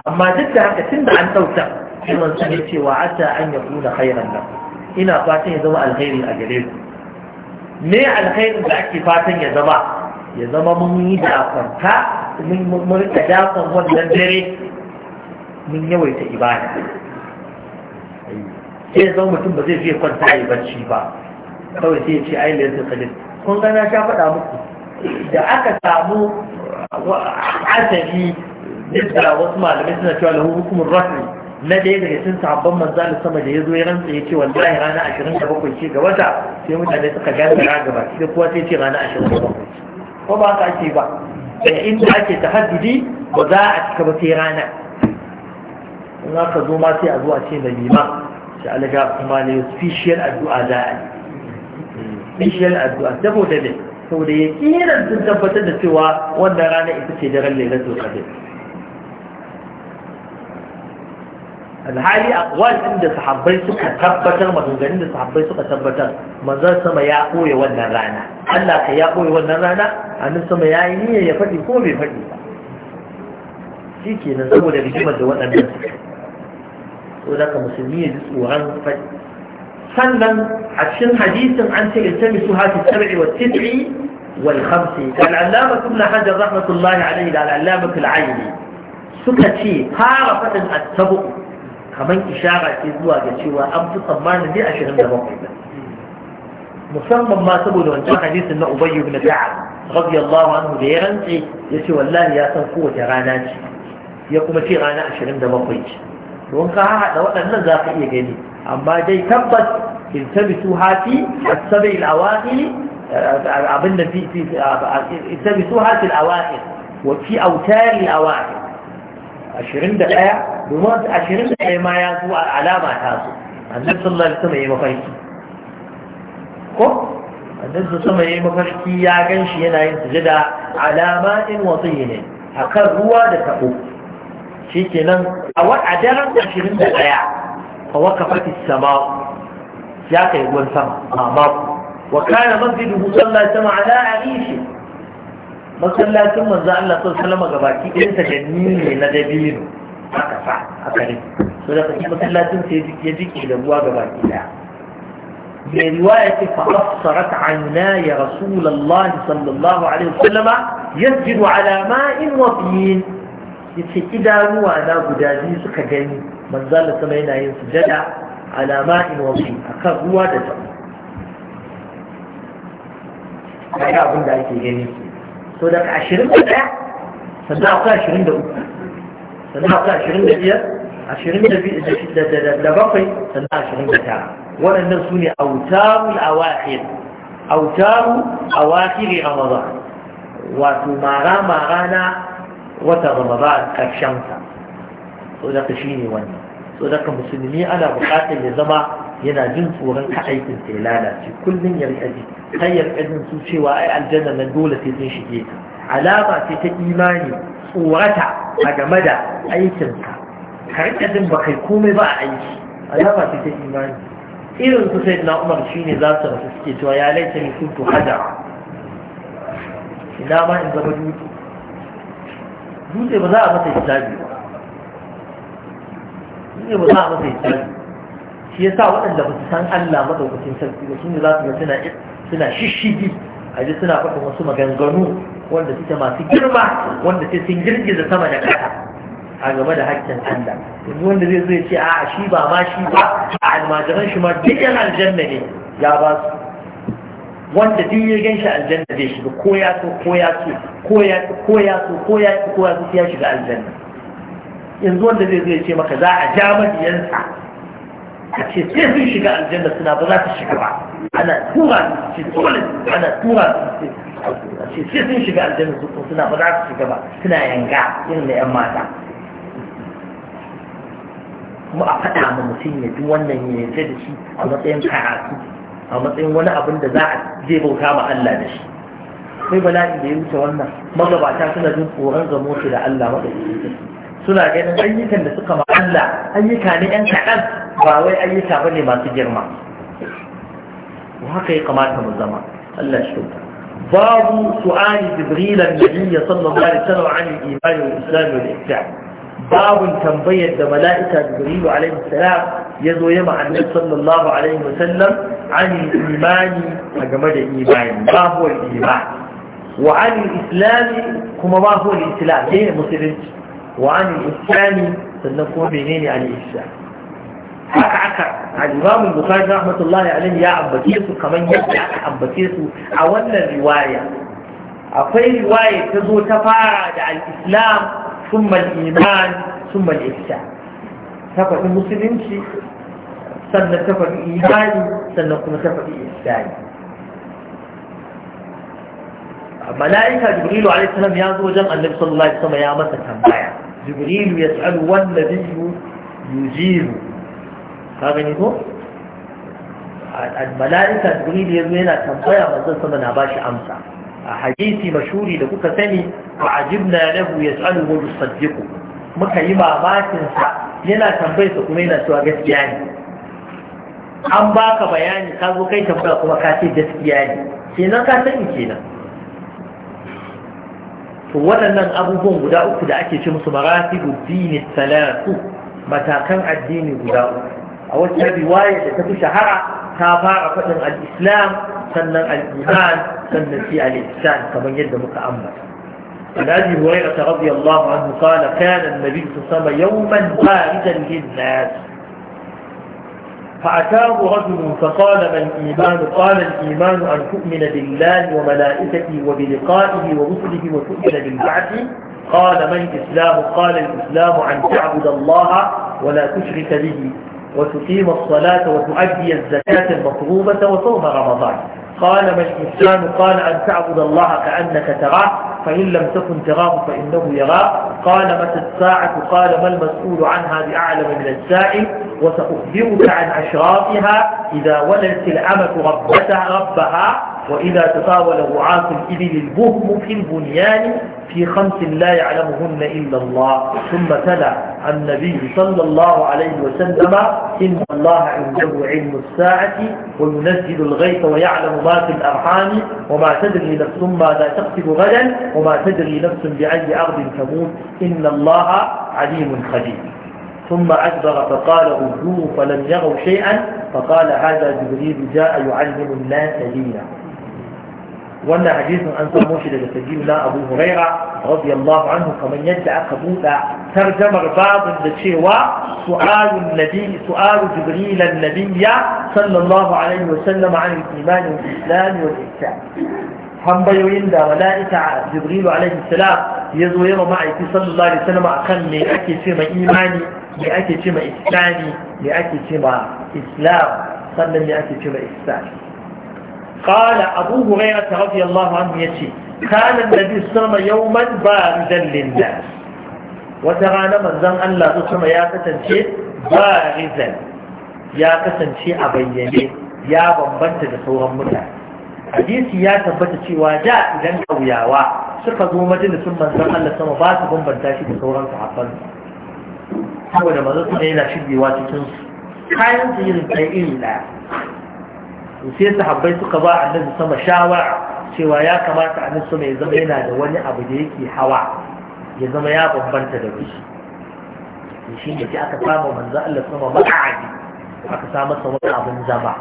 [SPEAKER 1] amma duk da haka tun da an ɗauka shi manzo ya cewa ata an yakuna khairan nan, ina fatan ya zama alkhairi a gare ku me alkhairin da ake fatan ya zama ya zama mun yi afanta mun rika dakon wannan dare mun yawaita ibada sai zama mutum ba zai je kwanta a yi bacci ba kawai sai ya ce ai lalata kalin kun gana sha faɗa muku da aka samu asali da wasu malamai suna cewa lahu hukumar rahmi na ɗaya daga cikin sahabban manzalin sama da ya zo ya rantsa ya ce wallahi rana ashirin da bakwai ce ga wata sai mutane suka gane ga baki sai kowa sai ce rana ashirin da bakwai ko ba ka ake ba da inda ake tahajjudi ba za a cika ba sai rana in ka zo ma sai a zuwa ce da lima sai alaga kuma ne official addu'a za a yi official addu'a saboda ne saboda ya kiran sun tabbatar da cewa wannan rana ita ce daren lailatul qadr alhali aqwal din da sahabbai suka tabbatar maganganun da sahabbai suka tabbatar manzon sama ya koye wannan rana Allah ka ya koye wannan rana annabi sama ya yi niyya ya faɗi ko bai faɗi ba shikenan saboda rigimar da waɗannan su. so da ka musulmi ya ji tsoron faɗi sannan a cikin hadisin an ce in tabi su hafi sab'i wa tis'i wal khamsi al tun ibn hajar rahmatullahi alayhi da al-allamah al-aini suka ce fara faɗin at-tabu' kamar ishara ce zuwa ga cewa an fi tsammanin dai ashirin da bakwai ba musamman ma saboda wancan hadisin na ubayyu bin ka'ab radiyallahu anhu da ya rantse ya ce wallahi ya san kowace rana ce ya kuma ce rana ashirin da bakwai ce don ka haɗa waɗannan za ka iya gani amma dai tabbas in iltabisu hati as-sab'il awaqil abin da fi iltabisu hati al-awaqil wa fi autari al-awaqil ashirin da domin ashirin da ɗaya ma ya zo a alama ta su annabi sallallahu ya mafarki ko annabi ya mafarki ya gan shi yana yin sujada alama in wasiyyi ne akan ruwa da taɓo. shikenan a a daren ashirin da ɗaya sama ya kai ruwan sama amma wa kana masjiduhu sallallahu alaihi wasallam ala shi. masallacin manzo Allah sallallahu alaihi wasallam gabaki ɗin ta ganni ne na dabino aka fa aka ne so da kashi masallacin sai ya jiki da ruwa gabaki da mai riwaya ce fa afsarat anna ya rasulullah sallallahu alaihi wasallama yasjudu ala ma'in wa fiyin yace idanuwa na guda biyu suka gani manzo Allah sama yana yin sujada ala ma'in wa fiyin akan ruwa da ta kaga abin da ake gani to daga ashirin da ɗaya sannan akwai ashirin da uku sannan akwai ashirin da biyar ashirin da bakwai sannan ashirin da tara waɗannan su ne autarul awahir autaru ramadan wato mara-mara na wata ramadan ƙarshensa so daga shi ne wannan so daga musulmi ana buƙatar ya zama yana jin tsoron ka aikin sai lalace kullum ya rika ji kai ya rika jin su cewa ai aljanna nan dole sai sun shige ta alama ce ta imani tsorata a game da aikin ka ka rika jin ba kai komai ba a aiki alama ce ta imani irin su sai na umar shine za su rasu suke cewa ya laita ni kuntu hada ina ma in zama dutse dutse ba za a masa hisabi ba dutse ba za a masa hisabi shi yasa waɗanda ba su san Allah madaukakin sarki ba shine za su ga suna suna shishigi a ji suna faɗin wasu maganganu wanda suke masu girma wanda sai sun girgiza sama da ƙasa a game da hakkin Allah yanzu wanda zai zai ce a'a shi ba ma shi ba a almajiran shi ma duk yan aljanna ne ya ba su wanda duk ya gan shi aljanna zai shiga ko ya so ko ya so ko ya so ko ya so ko ya so ya shiga aljanna yanzu wanda zai zai ce maka za a ja madiyansa حكي كيف يشجع الجنة سنة ولا تشجع أنا تورا في طول أنا تورا في كيف يشجع الجنة سنة ولا تشجع سنة ينجع ينمي أما جع ما أفتح من مسيني دوانا ينزل شيء أو نطيم حاسي أو نطيم ولا أبن دزاع زيبو كام ألا نشي ما يبلاني ليوسف ولا ما لو بعثنا سنة دون ورنا موت على الله ما يبلاني suna ganin ayyukan da suka ma'alla ayyuka ne yan kaɗan ba wai ayyuka ba ne masu girma haka ya kamata mu zama Allah shi kyauta babu Su'ani jibril annabi sallallahu alaihi wasallam an al-iman wal islam wal ihsan babun tambayar da mala'ika jibril alaihi salam yazo ya ma'annabi sallallahu alaihi wasallam an imani a game da imani babu al-iman wa an al-islam kuma babu al-islam ne musulunci وعن الإسلام سنكون بينين عن الإسلام haka aka al-Imam Bukhari rahmatullahi alaihi ya ambace su kamar yadda aka ambace su a wannan riwaya akwai riwaya ta zo ta fara da al-Islam sun al-iman thumma al-ihsan ta faɗi musulunci sannan ta faɗi imani sannan kuma ta faɗi ihsani mala'ika jibrilu alaihi salam ya zo wajen annabi sallallahu alaihi wasallam ya masa tambaya jibrilu ya tsalu wallazi yujibu ka gani ko mala'ika jibril ya yana tambaya manzon sama na bashi amsa a hadisi mashuri da kuka sani wa ajibna lahu yas'alu wa yusaddiqu muka yi mamakin sa yana tambayarsa kuma yana cewa gaskiya ne an baka bayani ka zo kai tambaya kuma kace ce gaskiya ne kenan ka sani kenan waɗannan abubuwan guda uku da ake ce musu maratibu dini salatu matakan addini guda uku a wata riwaya da ta fi shahara ta fara faɗin al'islam sannan al'iman sannan fi al kamar yadda muka ambata عن ابي هريره رضي الله عنه قال كان النبي صلى الله عليه وسلم يوما باردا للناس فأتاه رجل فقال ما الإيمان قال الإيمان أن تؤمن بالله وملائكته وبلقائه ورسله وتؤمن بالبعث قال ما الإسلام قال الإسلام أن تعبد الله ولا تشرك به وتقيم الصلاة وتؤدي الزكاة المطلوبة وصوم رمضان قال ما الإسلام قال أن تعبد الله كأنك تراه فإن لم تكن تراه فإنه يرى قال متى الساعة قال ما المسؤول عنها بأعلم من السائل وسأخبرك عن أشرافها إذا ولدت الأمة ربتها ربها وإذا تطاول رعاة الإبل البهم في البنيان في خمس لا يعلمهن إلا الله ثم تلا عن النبي صلى الله عليه وسلم إن الله عنده علم الساعة وينزل الغيث ويعلم ما في الأرحام وما تدري نفس ماذا تكتب غدا وما تدري نفس بأي أرض تموت إن الله عليم خبير ثم أدبر فقال أجوه فلم يروا شيئا فقال هذا جبريل جاء يعلم الناس لينا وانا حديث أن تموشي لتجيب لا أبو هريرة رضي الله عنه فمن يدعى قبولا ترجم رباض لشيوى سؤال سؤال جبريل النبي صلى الله عليه وسلم عن الإيمان والإسلام والإحسان tambayoyin da mala'ika jibrilu alaihi salam ya zo yawa ma'aiki sallallahu alaihi a kan me ake ce ma imani me ake ce ma islami me ake ce ma islam sannan me ake ce ma islam قال أبو هريرة رضي الله عنه يتي كان النبي صلى الله عليه وسلم يوما باردا للناس وترى من زن الله صلى يا ya kasance a bayyane, ya bambanta da sauran متعب hadisi ya tabbata cewa da idan kauyawa suka zo majalisun manzon Allah sama ba su bambanta shi da sauran sahabban saboda manzo su ne yana shigewa cikin kayan su yin kai iri daya sai sahabbai suka ba annabi sama shawara cewa ya kamata a sama mai zama yana da wani abu da yake hawa ya zama ya bambanta da shi shi ne ke aka samu manzo Allah sama maka'adi aka samu masa wani abin zama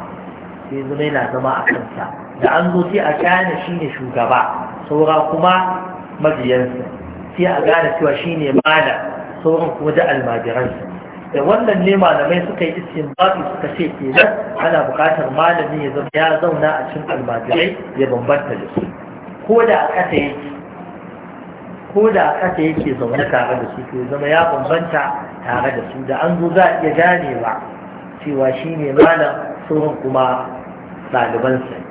[SPEAKER 1] sai zama yana zama a kansa da an zo sai a gane shi ne shugaba saura kuma majiyansa sai a gane cewa shi ne malam sauran kuma da almajiransa da wannan ne malamai suka yi istinbati suka ce kenan ana buƙatar malami ya zama ya zauna a cikin almajirai ya bambanta da su ko da a ƙasa yake ko da a ƙasa yake zaune tare da su to zama ya bambanta tare da su da an zo za a iya ganewa cewa shi ne malam sauran kuma ɗalibansa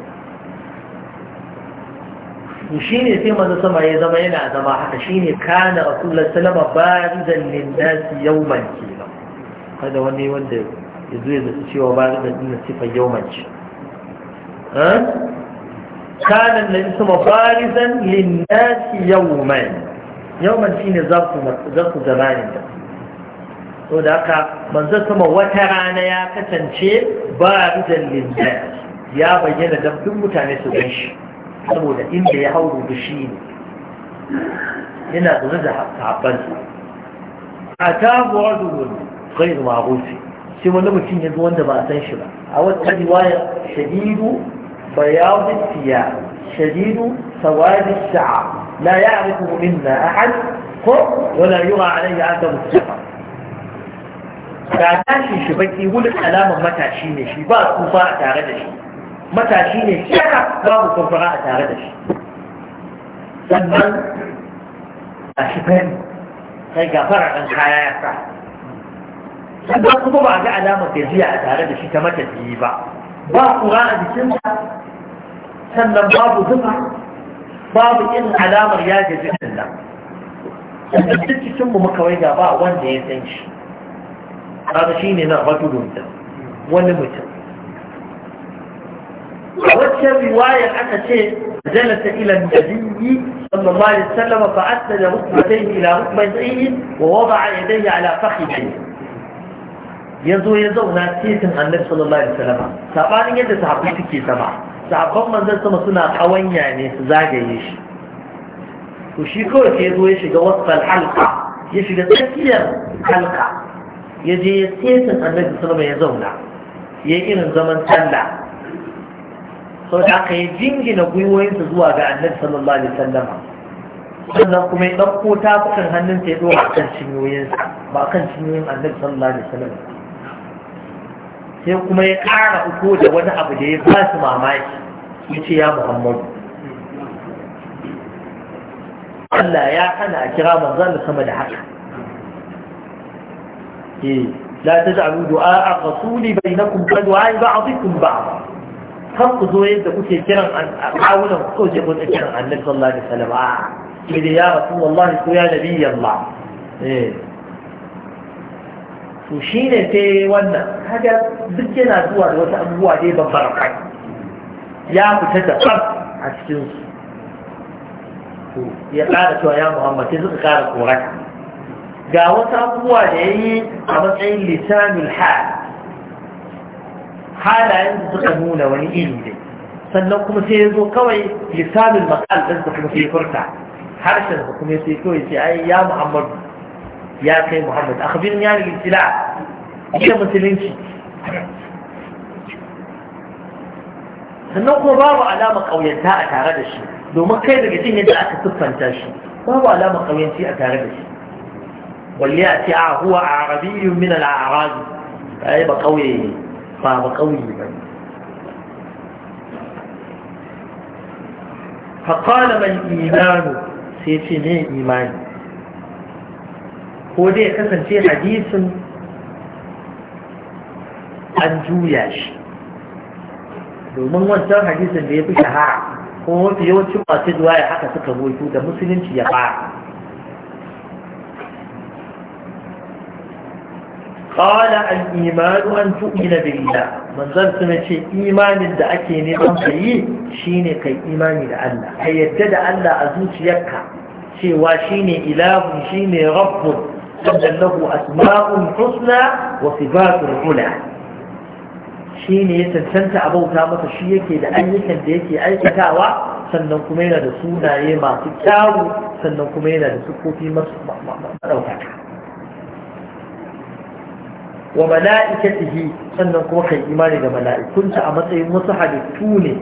[SPEAKER 1] وشيني فيما نسمع يزمع ينا زمع حتى شيني كان رسول الله السلام بارزا للناس يوما كيلا هذا هو أني وانده يزوي إذا سيوى بارزا للناس يوما كان الذي سمى بارزا للناس يوما يوما شيني ظرف زمان وذاك من ثم وترانا يا كتنشي بارزا للناس يا بيجنا دم دم متانسو بيشي saboda inda ya hau rubushi ne yana zaune da sahabbansa a tabu rajulun غير معروف sai wani mutum ya zo wanda ba a san shi ba a wata riwaya shadidu بياض الثياب شديد سواد الشعر لا يعرفه منا أحد ولا يرى عليه آثر السفر ga tashi shi baki wulin alamar matashi ne shi ba tsufa a tare da shi matashi ne cika babu kumfura a tare da shi sannan a shi fahim sai gafara ɗan kaya ya sa sannan kuma ba a ga alamar gajiya a tare da shi ta matafiyi ba
[SPEAKER 2] ba kura a
[SPEAKER 1] jikinsa sannan babu zufa babu irin alamar ya gaji ɗin nan sannan duk mu muka waiga ba wanda ya san shi kaga shi ne na rajulun wani mutum a waccan riwayar aka ce jalasa ila nabiyyi sallallahu alaihi wasallam fa asnada rukbatayhi ila rukbatayhi wa wada'a yadayhi ala fakhidayhi yazo ya zauna titin annabi sallallahu alaihi wasallam sabanin yadda sahabbai suke sama sahabban manzon sama suna kawanya ne su zagaye shi to shi kawai sai zo ya shiga wasfal halqa ya shiga tsakiyar halka ya je ya titin annabi sallallahu alaihi wasallam ya zauna ya irin zaman sallah sau da aka yi jingina gwiwoyinsa zuwa ga annabi sallallahu alaihi wasallam sannan kuma ya ɗauko tafukan hannunsa ya ɗora kan cinyoyinsa ba kan cinyoyin annabi sallallahu alaihi wasallam sai kuma ya ƙara uku da wani abu da ya ba su mamaki ya ce ya muhammadu Allah ya hana a kira manzon sama da haka eh la taj'alu du'a ar-rasuli bainakum ka du'a ba'dikum ba'd kan ku zo yadda kuke kiran kawunan ku kawai ku kiran annabi sallallahu alaihi wasallam a ke da ya rasu wallahi ko ya nabi Allah eh to shine sai wannan kaga duk yana zuwa da wata abubuwa dai babbar kai ya fita da tsaf a cikin su ya ƙara cewa ya Muhammad sai suka ƙara koraka ga wasu abubuwa da ya yi a matsayin lisanul hal حالا ازدقمونا ونئيني سنوكم سيزو كوي لسان المقال ازدقم في فرطة حرشا نوكم يسيكوي سيأي يا محمد يا سي محمد أخبرني عن الانتلاع يا مسلينشي سنوكم بابا علامة قوية تاء دو مكي بكتين يدعك تفن تاشي بابا علامة قوية تاء تاردشي واللي عربي من الأعراض أي بقوي ba ba ƙauye ba faƙala mai imanu sai ce ne imani ko dai kasance hadisin an juya shi domin wancan hadisin da ya fi shahara ko mafi yawancin masu duwaya haka suka rubutu da musulunci ya fara قال الإيمان أن تؤمن بالله من ظلت نشي إيمان دا أكي نظام سيء شيني كي إيمان دا الله كي يتدى الله أزوج يكا سوى شيني إله شيني رب قد له أسماء حسنى وصفات العلى شيني يتنسنت أبو تامة الشيكي لأيكا ديكي أي كتاوى sannan kuma yana da sunaye masu kyawu sannan kuma yana da sukofi masu ɗaukaka وملائكته سنن كما كان إيمان إذا ملائك كنت أمسئي مصحب التوني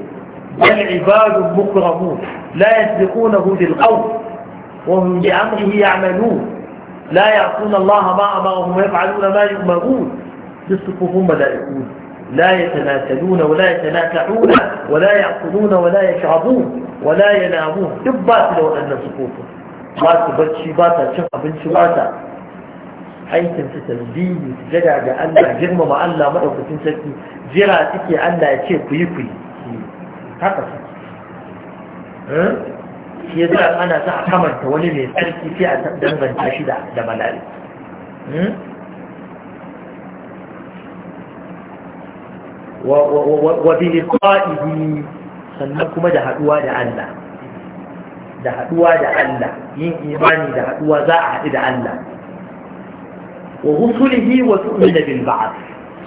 [SPEAKER 1] بل عباد مكرمون لا يسبقونه للقوم وهم بأمره يعملون لا يعطون الله ما أمرهم ويفعلون ما يؤمرون يصفهم ملائكون لا يتناسلون ولا يتناسعون ولا يعطلون ولا يشعبون ولا ينامون إباس لو أن صفوفهم ما تبتشي باتا شفا بنشي باتا aikin su tasbihi sujada ga Allah girmama Allah madaukakin sarki jira suke Allah ya ce ku yi ku yi haka su eh? shi ya zira ana sa a kamanta wani mai tsarki sai a danganta shi da malari hmm? wa biliqa'ihi sannan kuma da haduwa da Allah da haduwa da Allah yin imani da haduwa za a haɗu da Allah ورسله وتؤمن بالبعث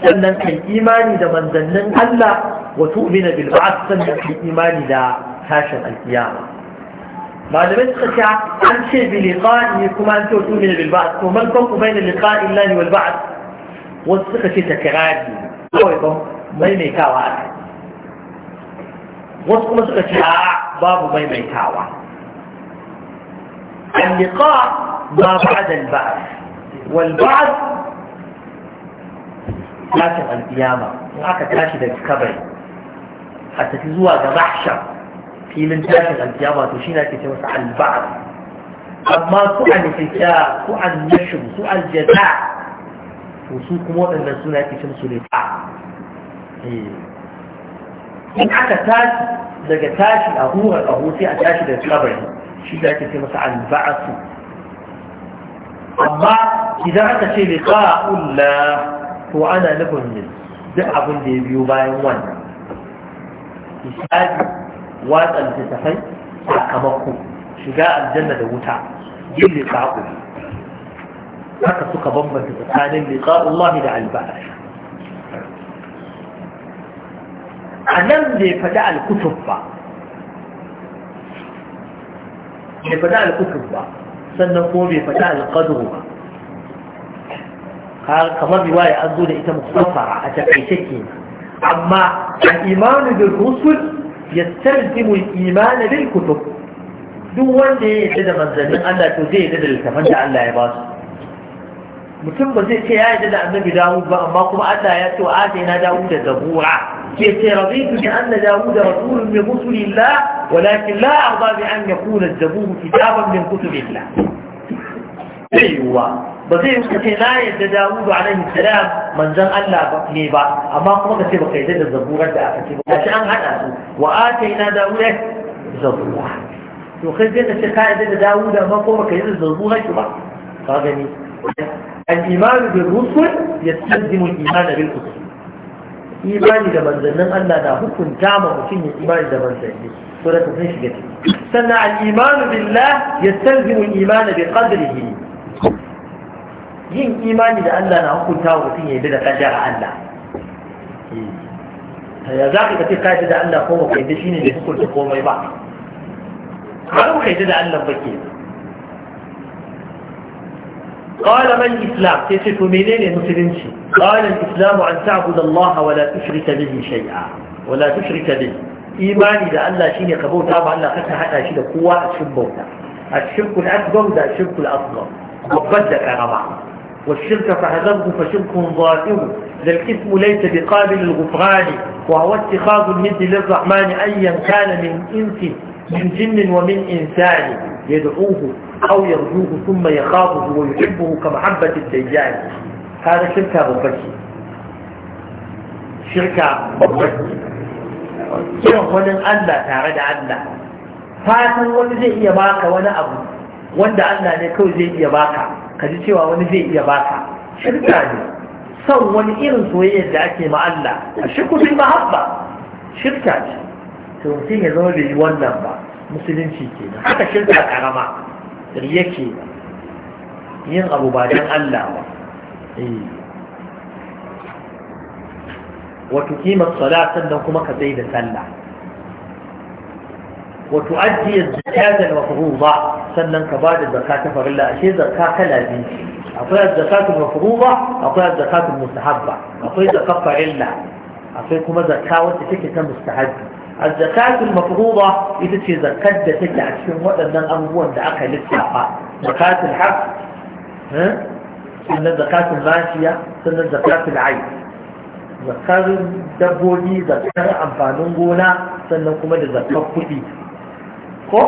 [SPEAKER 1] sannan kai imani da manzannin Allah wa tu'mina bil ba'th sannan kai imani da tashin alkiyama malamai suka ce an ce bi liqa'i kuma an ce tu'mina bil ba'th to man farqu bayna liqa'i Allah wal ba'th wasu suka ce takrari kawai ba maimaitawa aka wasu kuma suka ce a babu maimaitawa al liqa ma ba'da al ba'th والبعض لكن القيامة هناك تاشي ذلك كبري حتى تزوى محشر في من تاشي القيامة تشينا كتوسع البعض أما سوء الفتاة سوء النشر سوء الجزاء وسوء كموت أن السنة كتمس لفاع in aka tashi daga tashi a hurar a sai a tashi daga kabari shi da ake ce masa alba'asu amma idan aka ce liqa'ullah to ana nufin ne duk abin da ya biyo bayan wannan misali watsa littattafai sakamako shiga aljanna da wuta yin liqa'u haka suka bambanta tsakanin liqa'ullahi da alba'ash a nan bai faɗi alkutub ba bai faɗi alkutub ba sannan kuma bai faɗi alƙadru ba kamar riwaya an zo da ita musaffara a takaice ke amma al'imanu bil rusul ya tarjimu Imanu bil kutub duk wanda ya yarda da manzannin Allah to zai yarda da littafan da Allah ya ba su mutum ba zai ce ya yarda da annabi Dawud ba amma kuma Allah ya ce wa na Dawud da zabura ke ce raditu bi anna da rasulun min rusulillah ولكن لا أرضى بأن يكون الزبون كتابا من كتب الله أيوة بزي مستقينا يد داود عليه السلام من زن ألا نيبا أما قمنا كتب قيدة الزبورة لأفتب عشان هذا وآتينا داود زبورة وخذ جدا داود أما قمنا قيدة الزبور شبا فاغني الإيمان بالرسل يستلزم الإيمان بالكتب إيمان إذا manzannin Allah na نحكم ma في إيمان imani da سورة تنشي سنع الإيمان بالله يستلزم الإيمان بقدره yin imani da Allah na hukunta wa mutum ya yi da kaddara Allah ya za ka ce kaji da Allah ko baka yadda shine da hukunta komai ba Har ka yadda da Allah ba ke qala man islam sai ce to menene musulunci qala al-islam an ta'budu Allah wa la tushrika imani da Allah shine ka bauta ba Allah kaka hada shi da kowa a cikin bauta a shirku al-akbar da shirku al-asghar babbar da karama والشرك فهزمه فشرك ظاهر ذا الاسم ليس بقابل الغفران وهو اتخاذ الند للرحمن أيا كان من إنس من جن ومن إنسان يدعوه أو يرجوه ثم يخافه ويحبه كمحبة الدجال هذا شركة ببكي شركة ببكي kiran wani Allah tare da Allah fatan wani zai iya baka wani abu wanda Allah ne kawai zai iya baka ka ji cewa wani zai iya baka shirka ne son wani irin soyayyar da ake ma Allah a shirku bil mahabba shirka ce to mutum ya zama bai yi wannan ba musulunci Da haka shirka karama riya kenan yin abu ba don Allah ba eh. وتقيم الصلاة سنكم كزيد سلة وتؤدي الزكاة المفروضة سنن كبار الزكاة فرلا أشي زكاة كلا دي أطيع الزكاة المفروضة أطيع الزكاة المستحبة أطيع زكاة فرلا أطيع كما زكاة وتتكي مستحبة الزكاة المفروضة إذا تشي زكاة تتكي أشي وأن أن دعاك للسعفة زكاة الحق زكاة الماشية سنة زكاة العين zakar dabbobi zakar amfanin gona sannan kuma da zakar kuɗi ko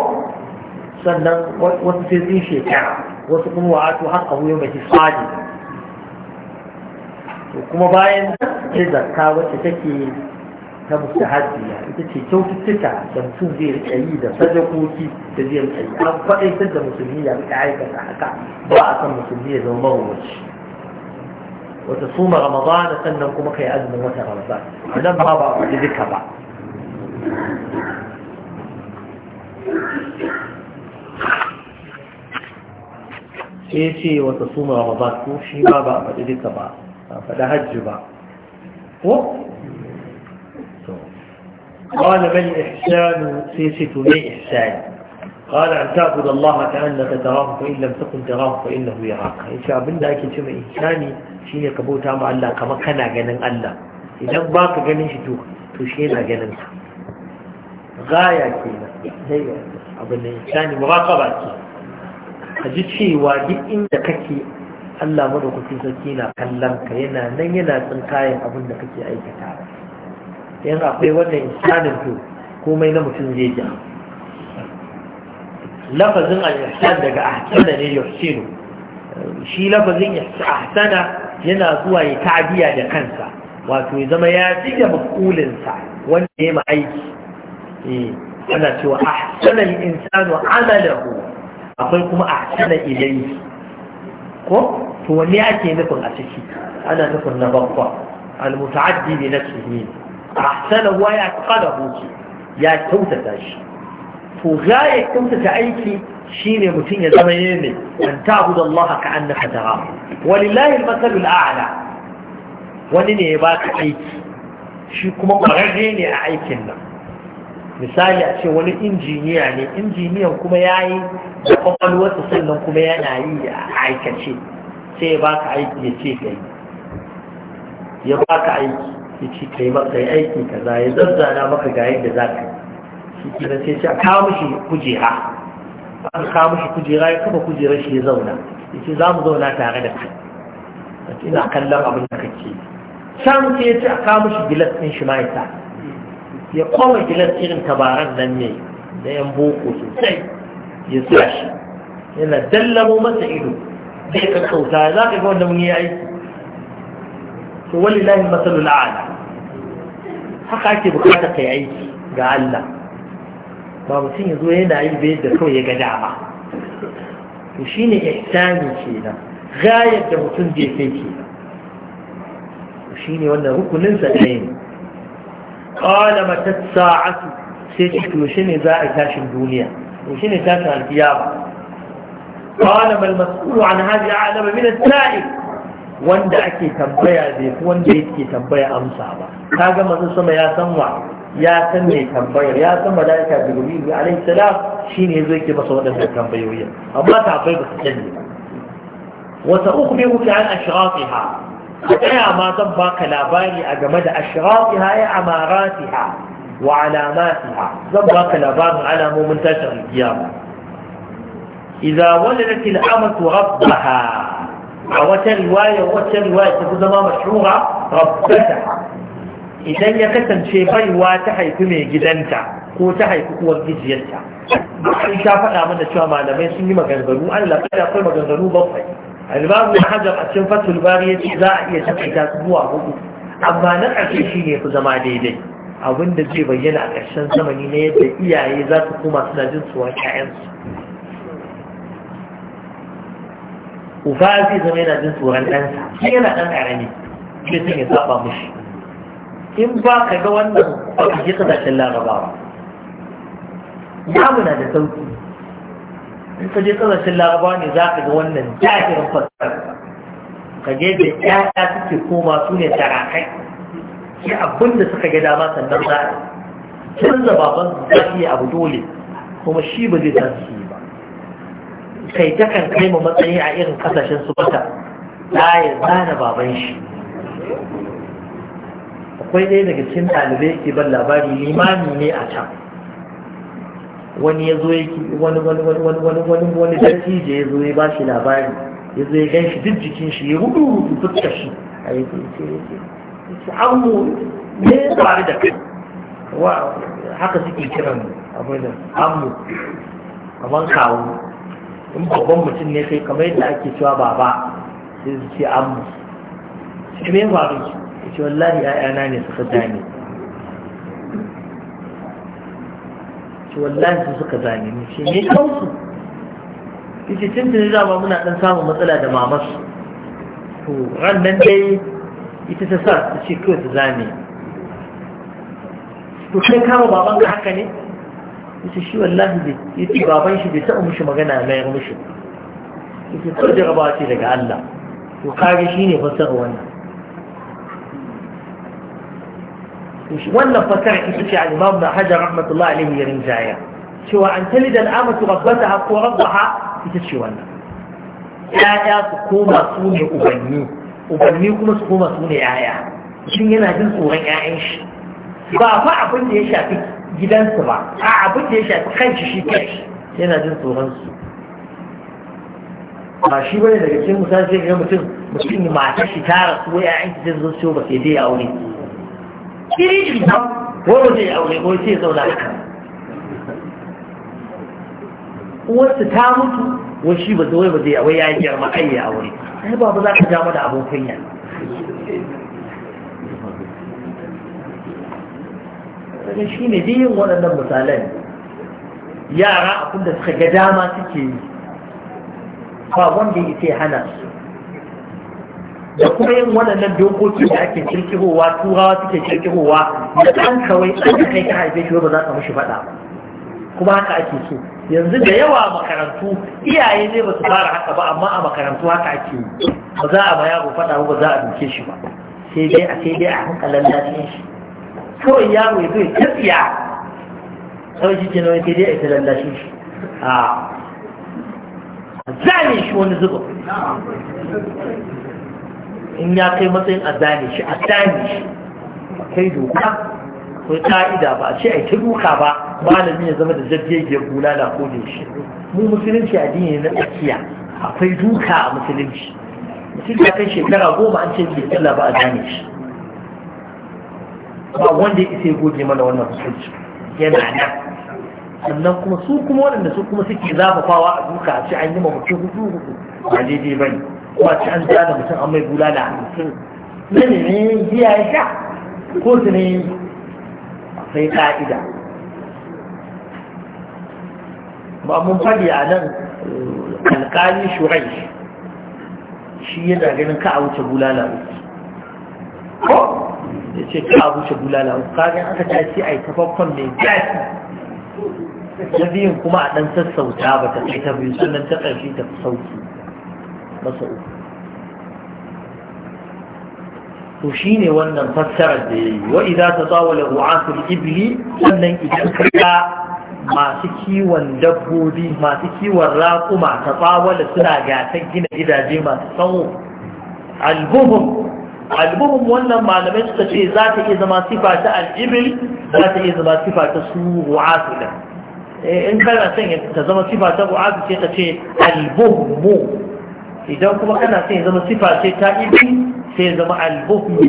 [SPEAKER 1] sannan wasu sai sun shekara wasu kuma wa'atu haka wuyan mai hisali to kuma bayan sai zakka wacce take ta hajjiya ita ce kyaututtuka da mutum zai rika yi da sadakoki da zai rika yi an faɗaitar da musulmi ya rika aikata haka ba a san musulmi ya zama mawaci wata suma ramadana sannan kuma kai azumin wata ramadan a nan ba ba a duka ba sai ce wata suma ramadan ko shi ba ba a duka ba a faɗa hajji ba ko قال ما الإحسان سيسة لي إحسان قال أن تعبد الله كأنك تراه فإن لم تكن تراه فإنه يراك إن شاء الله da ake cewa insani shine ka bauta ma Allah kamar kana ganin Allah idan baka ganin shi to to shi yana ganin ka gaya kenan dai abin da insani muraqaba ce ka ji cewa duk inda kake Allah madaukakin sarki na kallon ka yana nan yana tsinkayen abin da kake aikata yan akwai wannan komai na mutum zai lafazin al-ihsan daga ahsana ne yuhsinu shi lafazin ahsana yana zuwa ya ta'diya da kansa wato zama ya ci da makulin wanda ya ma'aiki. aiki eh ana cewa ahsana al-insanu amalahu akwai kuma ahsana ilayhi ko to wani ake nufin a ciki ana nufin na bakwa al-muta'addi bi nafsihi ahsana wa ya qadahu ya kyautata shi to gaya kyautata aiki shine mutum ya zama ne an ta'budu Allah ka annaka tara walillahi al-masalul a'la wani ne ya baka aiki shi kuma kwararre ne a aikin nan misali a ce wani injiniya ne injiniyan kuma ya yi da kwakwalwarsa sannan kuma yana yi a aikace sai ya baka aiki ya ce ka yi ya baka aiki ya ce ka yi maka aiki kaza ya zazzana maka ga yadda za ka yi shi ce sai sai kawo mishi kujera an kawo mishi kujera ya kafa kujerar shi ya zauna ya ce za mu zauna tare da kai ina kallon abin da kake can sai ya ce a kawo mishi gilas ɗin shi ma ya ya koma gilas irin tabaran nan ne da yan boko sosai ya sa shi yana dallamo masa ido zai ka kauta za ka ga wanda mun yi aiki to walillahi masalul a'la haka ake bukata kai aiki ga Allah ba mutum ya zo yana yi bai da kawai ya ga dama to shi ne ihsani nan, gayar da mutum bai kai nan, shi ne wannan rukuninsa ɗaya ne ƙwala matat sa'atu sai ce to shi ne za a tashin duniya to shi ne tashin alkiyama ƙwala mal mas'ulu an hajji alama min as-sa'il wanda ake tambaya zai fi wanda yake tambaya amsa ba ka ga masu sama ya san wa يا سن مي يا سن ملائكة جبريل عليه السلام شين يزوي كيف صلى الله عليه تنبيريا أما تعطيب السن وسأخبرك عن أشراطها أتعي ما تنبى كلاباني أجمد أشراطها يا أماراتها وعلاماتها تنبى كلاباني على منتشر القيامة إذا ولدت الأمة ربها أو تروايه أو تروايه تقول ما مشهوره ربتها idan ya kasance baiwa ta haifi mai gidanta ko ta haifi uwar gijiyarta an ta faɗa mana cewa malamai sun yi maganganu an lafiya akwai maganganu bakwai albabu na hajjar a cikin fasul bari ya ce za a iya takaita zuwa hudu amma na ƙarshe shi ne fi zama daidai abin da zai bayyana a ƙarshen zamani na yadda iyaye za su koma suna jin tsohon ƴaƴansu uba zai zama yana jin tsoron ɗansa shi yana ɗan ƙarami sai sun ya saba mushi in ba ka ga wannan ba ka ji kasashen larabawa yamu na da sauki in ka je kasashen larabawa ne za ka ga wannan jahirin fasara ka je da ƴaƴa suke koma su ne tarakai shi abin da suka ga dama sannan za a canza baban za su yi abu dole kuma shi ba zai san su yi ba kai ta kan kai ma matsayi a irin kasashen su bata ɗaya zana baban shi akwai ɗaya daga cikin ɗalibai ke ban labari limami ne a can wani ya zo yake wani wani wani wani wani wani wani dattijo ya zo ya ba shi labari ya zo ya gan shi duk jikin shi ya rudu rudu fuskar shi a yi ce ce ce mu ne ya faru da kai wa haka suke kiran abin da an mu kamar kawo in babban mutum ne kai kamar yadda ake cewa baba sai su ce an mu shi ne faru ce wallahi ‘ya'yana ne suka zane ce wallahi su suka zane ne ce ne kansu ce cin tuni ba muna ɗan samun matsala da mamasu to ran nan dai ita ta sa ta ce kawai ta zane to kai kama baban ka haka ne ita shi wallahi ya ce baban shi bai taɓa mushi magana mayar mushi ita kawai jarabawa ce daga Allah to kage shi ne fasar wannan wannan fasara ita ce al-imam na hajar rahmatullahi alaihi ya rinjaya cewa an talida al'amatu rabbataha ko rabbaha ita ce wannan ya'ya su koma su ne ubanni ubanni kuma su koma su ne ya'ya shin yana jin tsoron ya'yan shi ba fa abin da ya shafi gidansu ba a abin da ya shafi kanshi shi kanshi yana jin tsoron su ba shi bane daga cikin misali sai ga mutum mutum matar shi ta rasu ya'yan ki zai zo ba sai dai aure
[SPEAKER 2] iri iri ba wani zai aure ko sai zauna haka
[SPEAKER 1] uwarsa ta mutu wai shi ba zai ba zai wai ya yi girma kai ya aure ai ba ba za ka ja mana abin kunya daga shi ne biyin waɗannan misalan yara abinda suka ga dama suke yi ba wanda ya ce hana su da kuma yin waɗannan dokoki da ake kirkirowa turawa suke kirkirowa da ɗan kawai ɗan kai ka haife shi ba za ka mushi faɗa kuma haka ake so yanzu da yawa a makarantu iyaye ne ba su fara haka ba amma a makarantu haka ake yi ba za a ma yaro faɗa ba za a duke shi ba sai dai a sai dai a hankalin lafiyar shi kawai yaro ya zo ya tafiya kawai shi ke nawa sai dai a ita lallashin shi a zane shi wani zuba. in ya kai matsayin a zane shi a zane shi kai doka akwai ka'ida ba a ce a yi ta duka ba malami ya zama da zaggegiyar bulala ko da shi mu musulunci dini na tsakiya akwai duka a musulunci mutum ya kai shekara goma an ce bai tsalla ba a zane shi ba wanda ya isa goge mana wannan musulunci yana nan sannan kuma su kuma waɗanda su kuma suke zafafawa a duka a ce an yi ma mutum hudu hudu ba daidai ba ne ko an ja da mutum an mai bula da na ne ne biya ya sha ko su ne akwai ka'ida ba mun faɗi a nan alƙali shurai shi yana ganin ka a wuce bulala ko ya ce ka a wuce bulala Ko kagin aka tashi a yi tafaffan mai gasi na biyun kuma a ɗan sassauta ba ta kai ta biyu sannan ta ƙarshe ta sauki masa uku to shine wannan fassarar da yayi wa idza tatawala ru'atul ibli Wannan idan ka masu kiwon dabbobi masu kiwon raƙuma ta tsawala suna gasan gina gidaje masu tsawo albuhum albuhum wannan malamai suka ce za ta iya zama sifa ta al'ibil za ta iya zama sifa ta su wa'asu da eh, in kana son ta zama sifa ta wa'asu ce ta ce albuhumu idan kuma kana sai zama sifa ce ta ibi sai zama albuhmi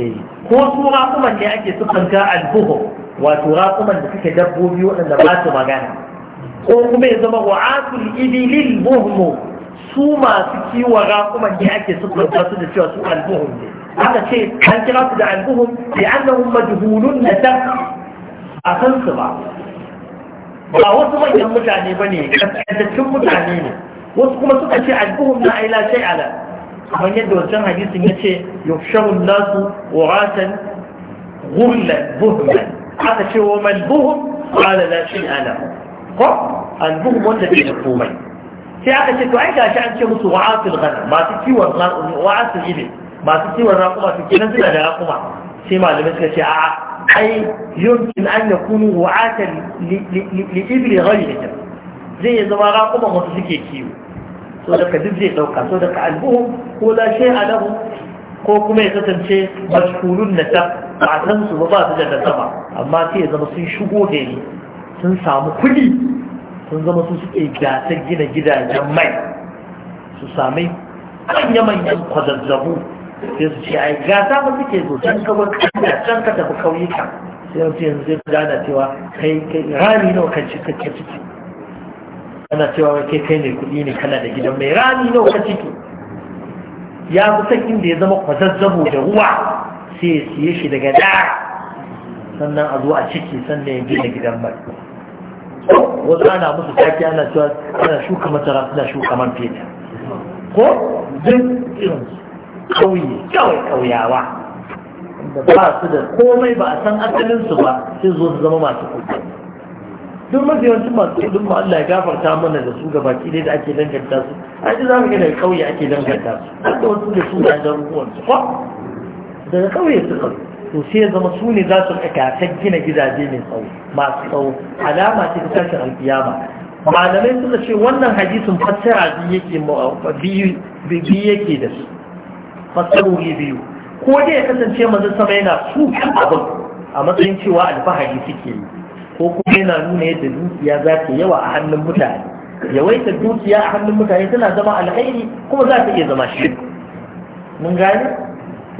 [SPEAKER 1] eh, ko su raƙuman ne ake sukanta albuhu wato raƙuman da suke dabbobi waɗanda ba su magana ko kuma ya zama wa wa'atul ibilil buhmu su masu kiwon raƙuman ne ake sukanta su da cewa su albuhum ne aka ce an kira su da albuhum bi annahum majhulun na ta a san su ba ba wasu manyan mutane ba ne kaskantattun mutane ne wasu kuma suka ce albuhum na aila sai ala kamar yadda wancan hadisin ya ce yufsharun nasu wuratan gurlan buhman aka ce wa man buhum ala la shi ala ko albuhum wanda ke da komai sai aka ce to ai gashi an ce musu wa'atul ghanam masu kiwon wa'atul ibil masu kiwon raƙuma su kenan suna da raƙuma sai malamai suka ce a'a ai yumkin an yakunu wa'atan li ibli ghayrihim zai yi zama kuma wasu suke kiwo so daga duk zai ɗauka so daga albuhun ko da shi a lahu ko kuma ya kasance mashkulun na ta ba san su ba ba su da sama amma sai ya zama sun shigo da gari sun samu kuɗi sun zama su suke gasa gina gidajen mai su sami manya-manyan kwazazzabu sai su ce ai gasa ba suke zo can ka bar can ka tafi kauyuka sai yanzu yanzu zai gana cewa kai rami nawa kan cika ciki ana cewa wai kai kai mai kuɗi ne kana da gidan mai rami nawa ka ciki ya fi san inda ya zama kwazazzabo da ruwa sai ya siye shi daga da sannan a zo a ciki sannan ya gina gidan mai wasu ana musu taki ana cewa ana shuka masara suna shuka man fetur ko duk irin kauye kawai kauyawa da ba su da komai ba a san asalinsu ba sai zo su zama masu kuɗi duk masu yawancin masu kudin ma Allah ya gafarta mana da su ga baki da ake danganta su a ji za mu gina kauye ake danganta su har da wasu da su da ruwan su ba daga kauye su kan to sai ya zama su ne za su gasar gina gidaje mai tsawo masu tsawo alama ce ta tashin alfiyama malamai suna ce wannan hadisin fassara biyu yake da su fassarori biyu ko dai ya kasance manzon sama yana sukan abin a matsayin cewa alfahari suke yi ko kuma yana nuna yadda dukiya za ta yawa a hannun mutane yawaitar dukiya a hannun mutane tana zama alkhairi kuma za ta iya zama shi mun gane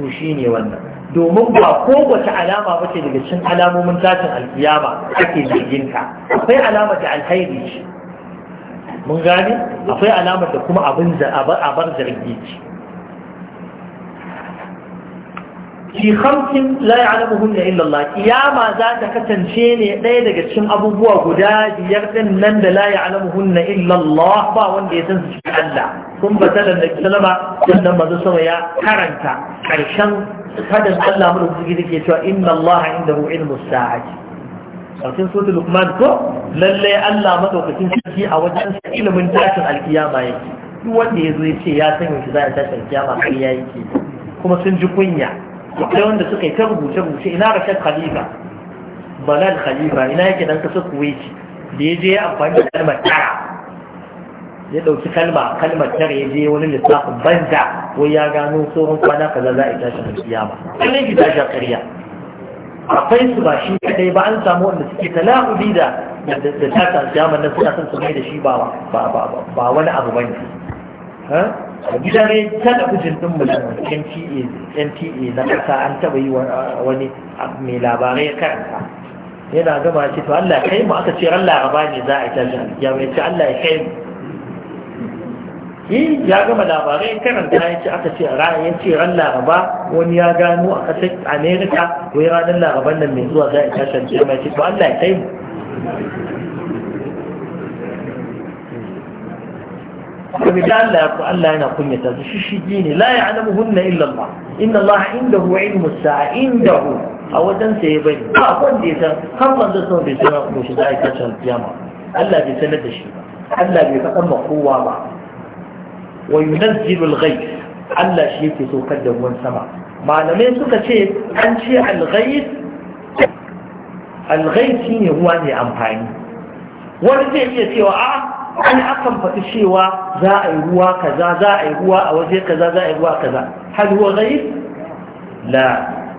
[SPEAKER 1] to shi ne wannan domin ba kowace alama ba ce daga cikin alamomin tashin alkiyama ake jirginta akwai alama da alkhairi ce mun gane akwai alama da kuma abin a bar zargi ce fi khamsin la ya'lamuhun illa Allah kiyama za ta kasance ne ɗaya daga cikin abubuwa guda biyar din nan da la ya'lamuhun illa Allah ba wanda ya san su cikin Allah kun ba sallan da sallama sannan manzo sama ya karanta karshen fadin Allah mu rubuci dake cewa inna Allah indahu ilmu sa'ati sarkin sotu lukman ko lallai Allah madaukakin sarki a wajen ilimin tashin alkiyama yake duk wanda ya zo ya ce ya san yaushe za a tashin alkiyama kai ya yake kuma sun ji kunya akwai wanda suka yi ta rubuce-rubuce ina rashad khalifa balal khalifa ina yake dan kasar da ya je ya amfani da kalmar tara ya ɗauki kalma kalmar tara ya je wani lissafin banza wai ya gano tsoron kwana kaza za a tashi da kiyama kallon ki tashi ƙarya akwai su ba shi kadai ba an samu wanda suke talahudi da da tasa kiyama nan suna son su mai da shi ba wani abu bane a gidan rai talabijin din mu nta na ƙasa an taɓa yi wani mai labarai ya karanta yana gama ce to Allah ya kai mu aka ce ran laraba ne za a ita tashi ya mai ce Allah ya kai mu yi ya gama labarai karanta ya ce aka ce ya ce ran laraba wani ya gano a ƙasar amerika wai ranar laraban nan mai zuwa za a ita tashi ya mai ce to Allah ya kai mu abin da Allah ya ku Allah yana kunyata su shishigi ne la alamu illa Allah inna Allah indahu ilmu inda indahu a wajen sa ya bai ba wanda ya san har manzo sun bai san ko shi da ake san kiyama Allah bai sanar da shi ba Allah bai faɗa ma kowa ba wa yunazzilu al-ghayth Allah shi yake saukar da ruwan sama malamai suka ce an ce al-ghayth al-ghayth ruwa ne amfani wani zai iya cewa a ah, an akan faɗi cewa za a yi ruwa kaza za a yi ruwa a waje kaza za a yi ruwa kaza hal huwa ghaib la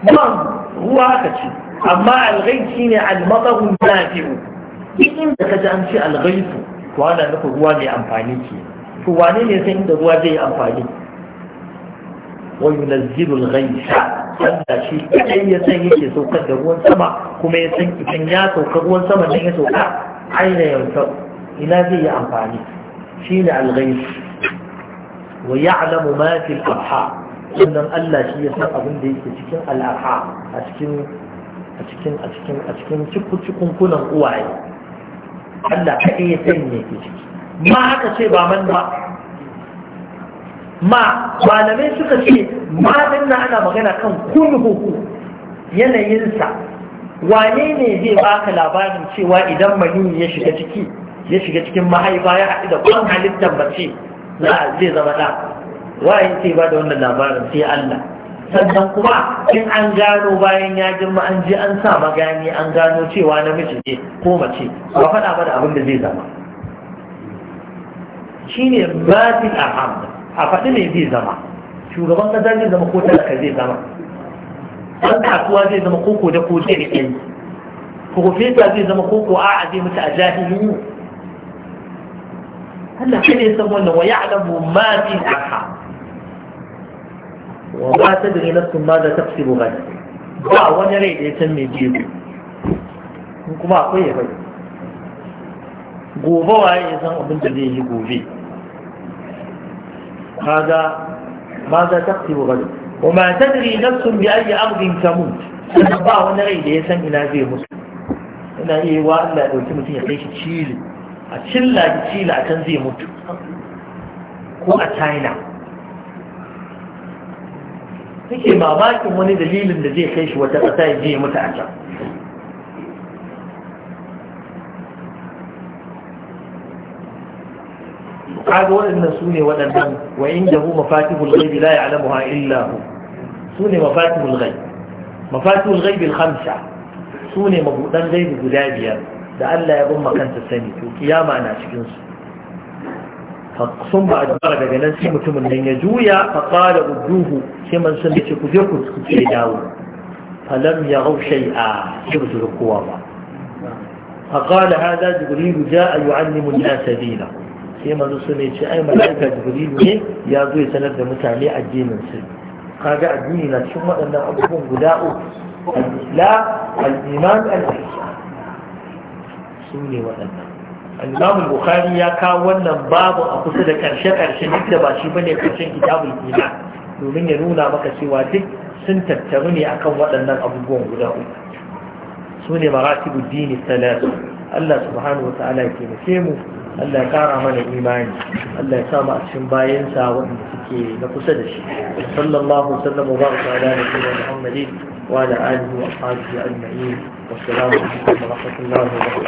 [SPEAKER 1] man ruwa haka ce amma al-ghaib shine al-mataru nafi'u duk da kaji an ce al-ghaib to ana nufin ruwa mai amfani ke to wane ne san inda ruwa zai yi amfani wa yunazzilu al-ghaisa wanda shi kai ya san yake saukar da ruwan sama kuma ya san idan ya sauka ruwan sama ne ya sauka aina yau ina zai yi amfani shi ne alghaibi wa alamu ma fil arham sannan Allah shi ya san abin da yake cikin al'arha a cikin a cikin a cikin cikin kunan uwaye Allah kaɗai iya san me ke ciki ma haka ce ba man ba ma malamai suka ce ma din na ana magana kan kunhu yanayinsa wane ne zai baka labarin cewa idan maniyi ya shiga ciki ya shiga cikin mahaifa ya haɗu da kwan halittar mace na zai zama ɗa waye ce ba da wannan labarin sai Allah sannan kuma in an gano bayan ya girma an je an sa magani an gano cewa namiji ne ko mace ba faɗa ba da abin da zai zama shine batil aham a faɗi ne zai zama shugaban ƙasa zai zama ko talaka zai zama ɗan kasuwa zai zama ko ko da ko jirgin profesa zai zama ko ko a'a zai mutu a jahilin Allah shi ne san wannan wa ya'lamu ma fi arham wa ba ta dare na sun ma da tafsiru ba ba wani rai da ya san mai jibu kuma akwai ya bai gobe wa ya san abin da zai yi gobe kaga ma za ta fi gobe wa ma ta dare na sun bi ayi amurin tamu ba wani rai da ya san ina zai musu ina iya wa Allah ya ɗauki mutum ya kai shi cili a cilla cila kan zai mutu ko a china Suke mamakin wani dalilin da zai kai shi wata ƙasa ya je mutu a can kaga waɗannan su ne waɗannan wa inda hu mafatihul ghaibi la ya'lamuha illa hu su ne mafatihul ghaib mafatihul ghaib al-khamsa su ne mabudan ghaibi guda biyar da Allah ya bin makanta sani to kiyama na cikin su sun ba addu'ar daga nan sai mutumin nan ya juya fa qala udduhu sai man sun ce ku je ku ku dawo falam yarau shay'a sai ba su kowa ba fa qala hadha Jibrilu jaa yu'allimu an-nas dina sai manzo sun ce ai malaika Jibrilu ne ya zo ya sanar da mutane addinin su kaga addini na cikin waɗannan abubuwan guda uku al-islam al-iman al-ihsan su ne waɗannan al-imam bukhari ya kawo wannan babu a kusa da karshe karshe duk da ba shi bane karshen kitabul iman domin ya nuna maka cewa duk sun tattaru ne akan waɗannan abubuwan guda uku su ne maratibul dini salatu Allah subhanahu wa ta'ala ya taimake mu Allah ya kara mana imani Allah ya sa a cikin bayansa waɗanda suke na kusa da shi sallallahu sallam wa baraka ala nabiyina Muhammadin wa ala alihi wa ashabihi ajma'in wa assalamu alaikum wa rahmatullahi wa barakatuh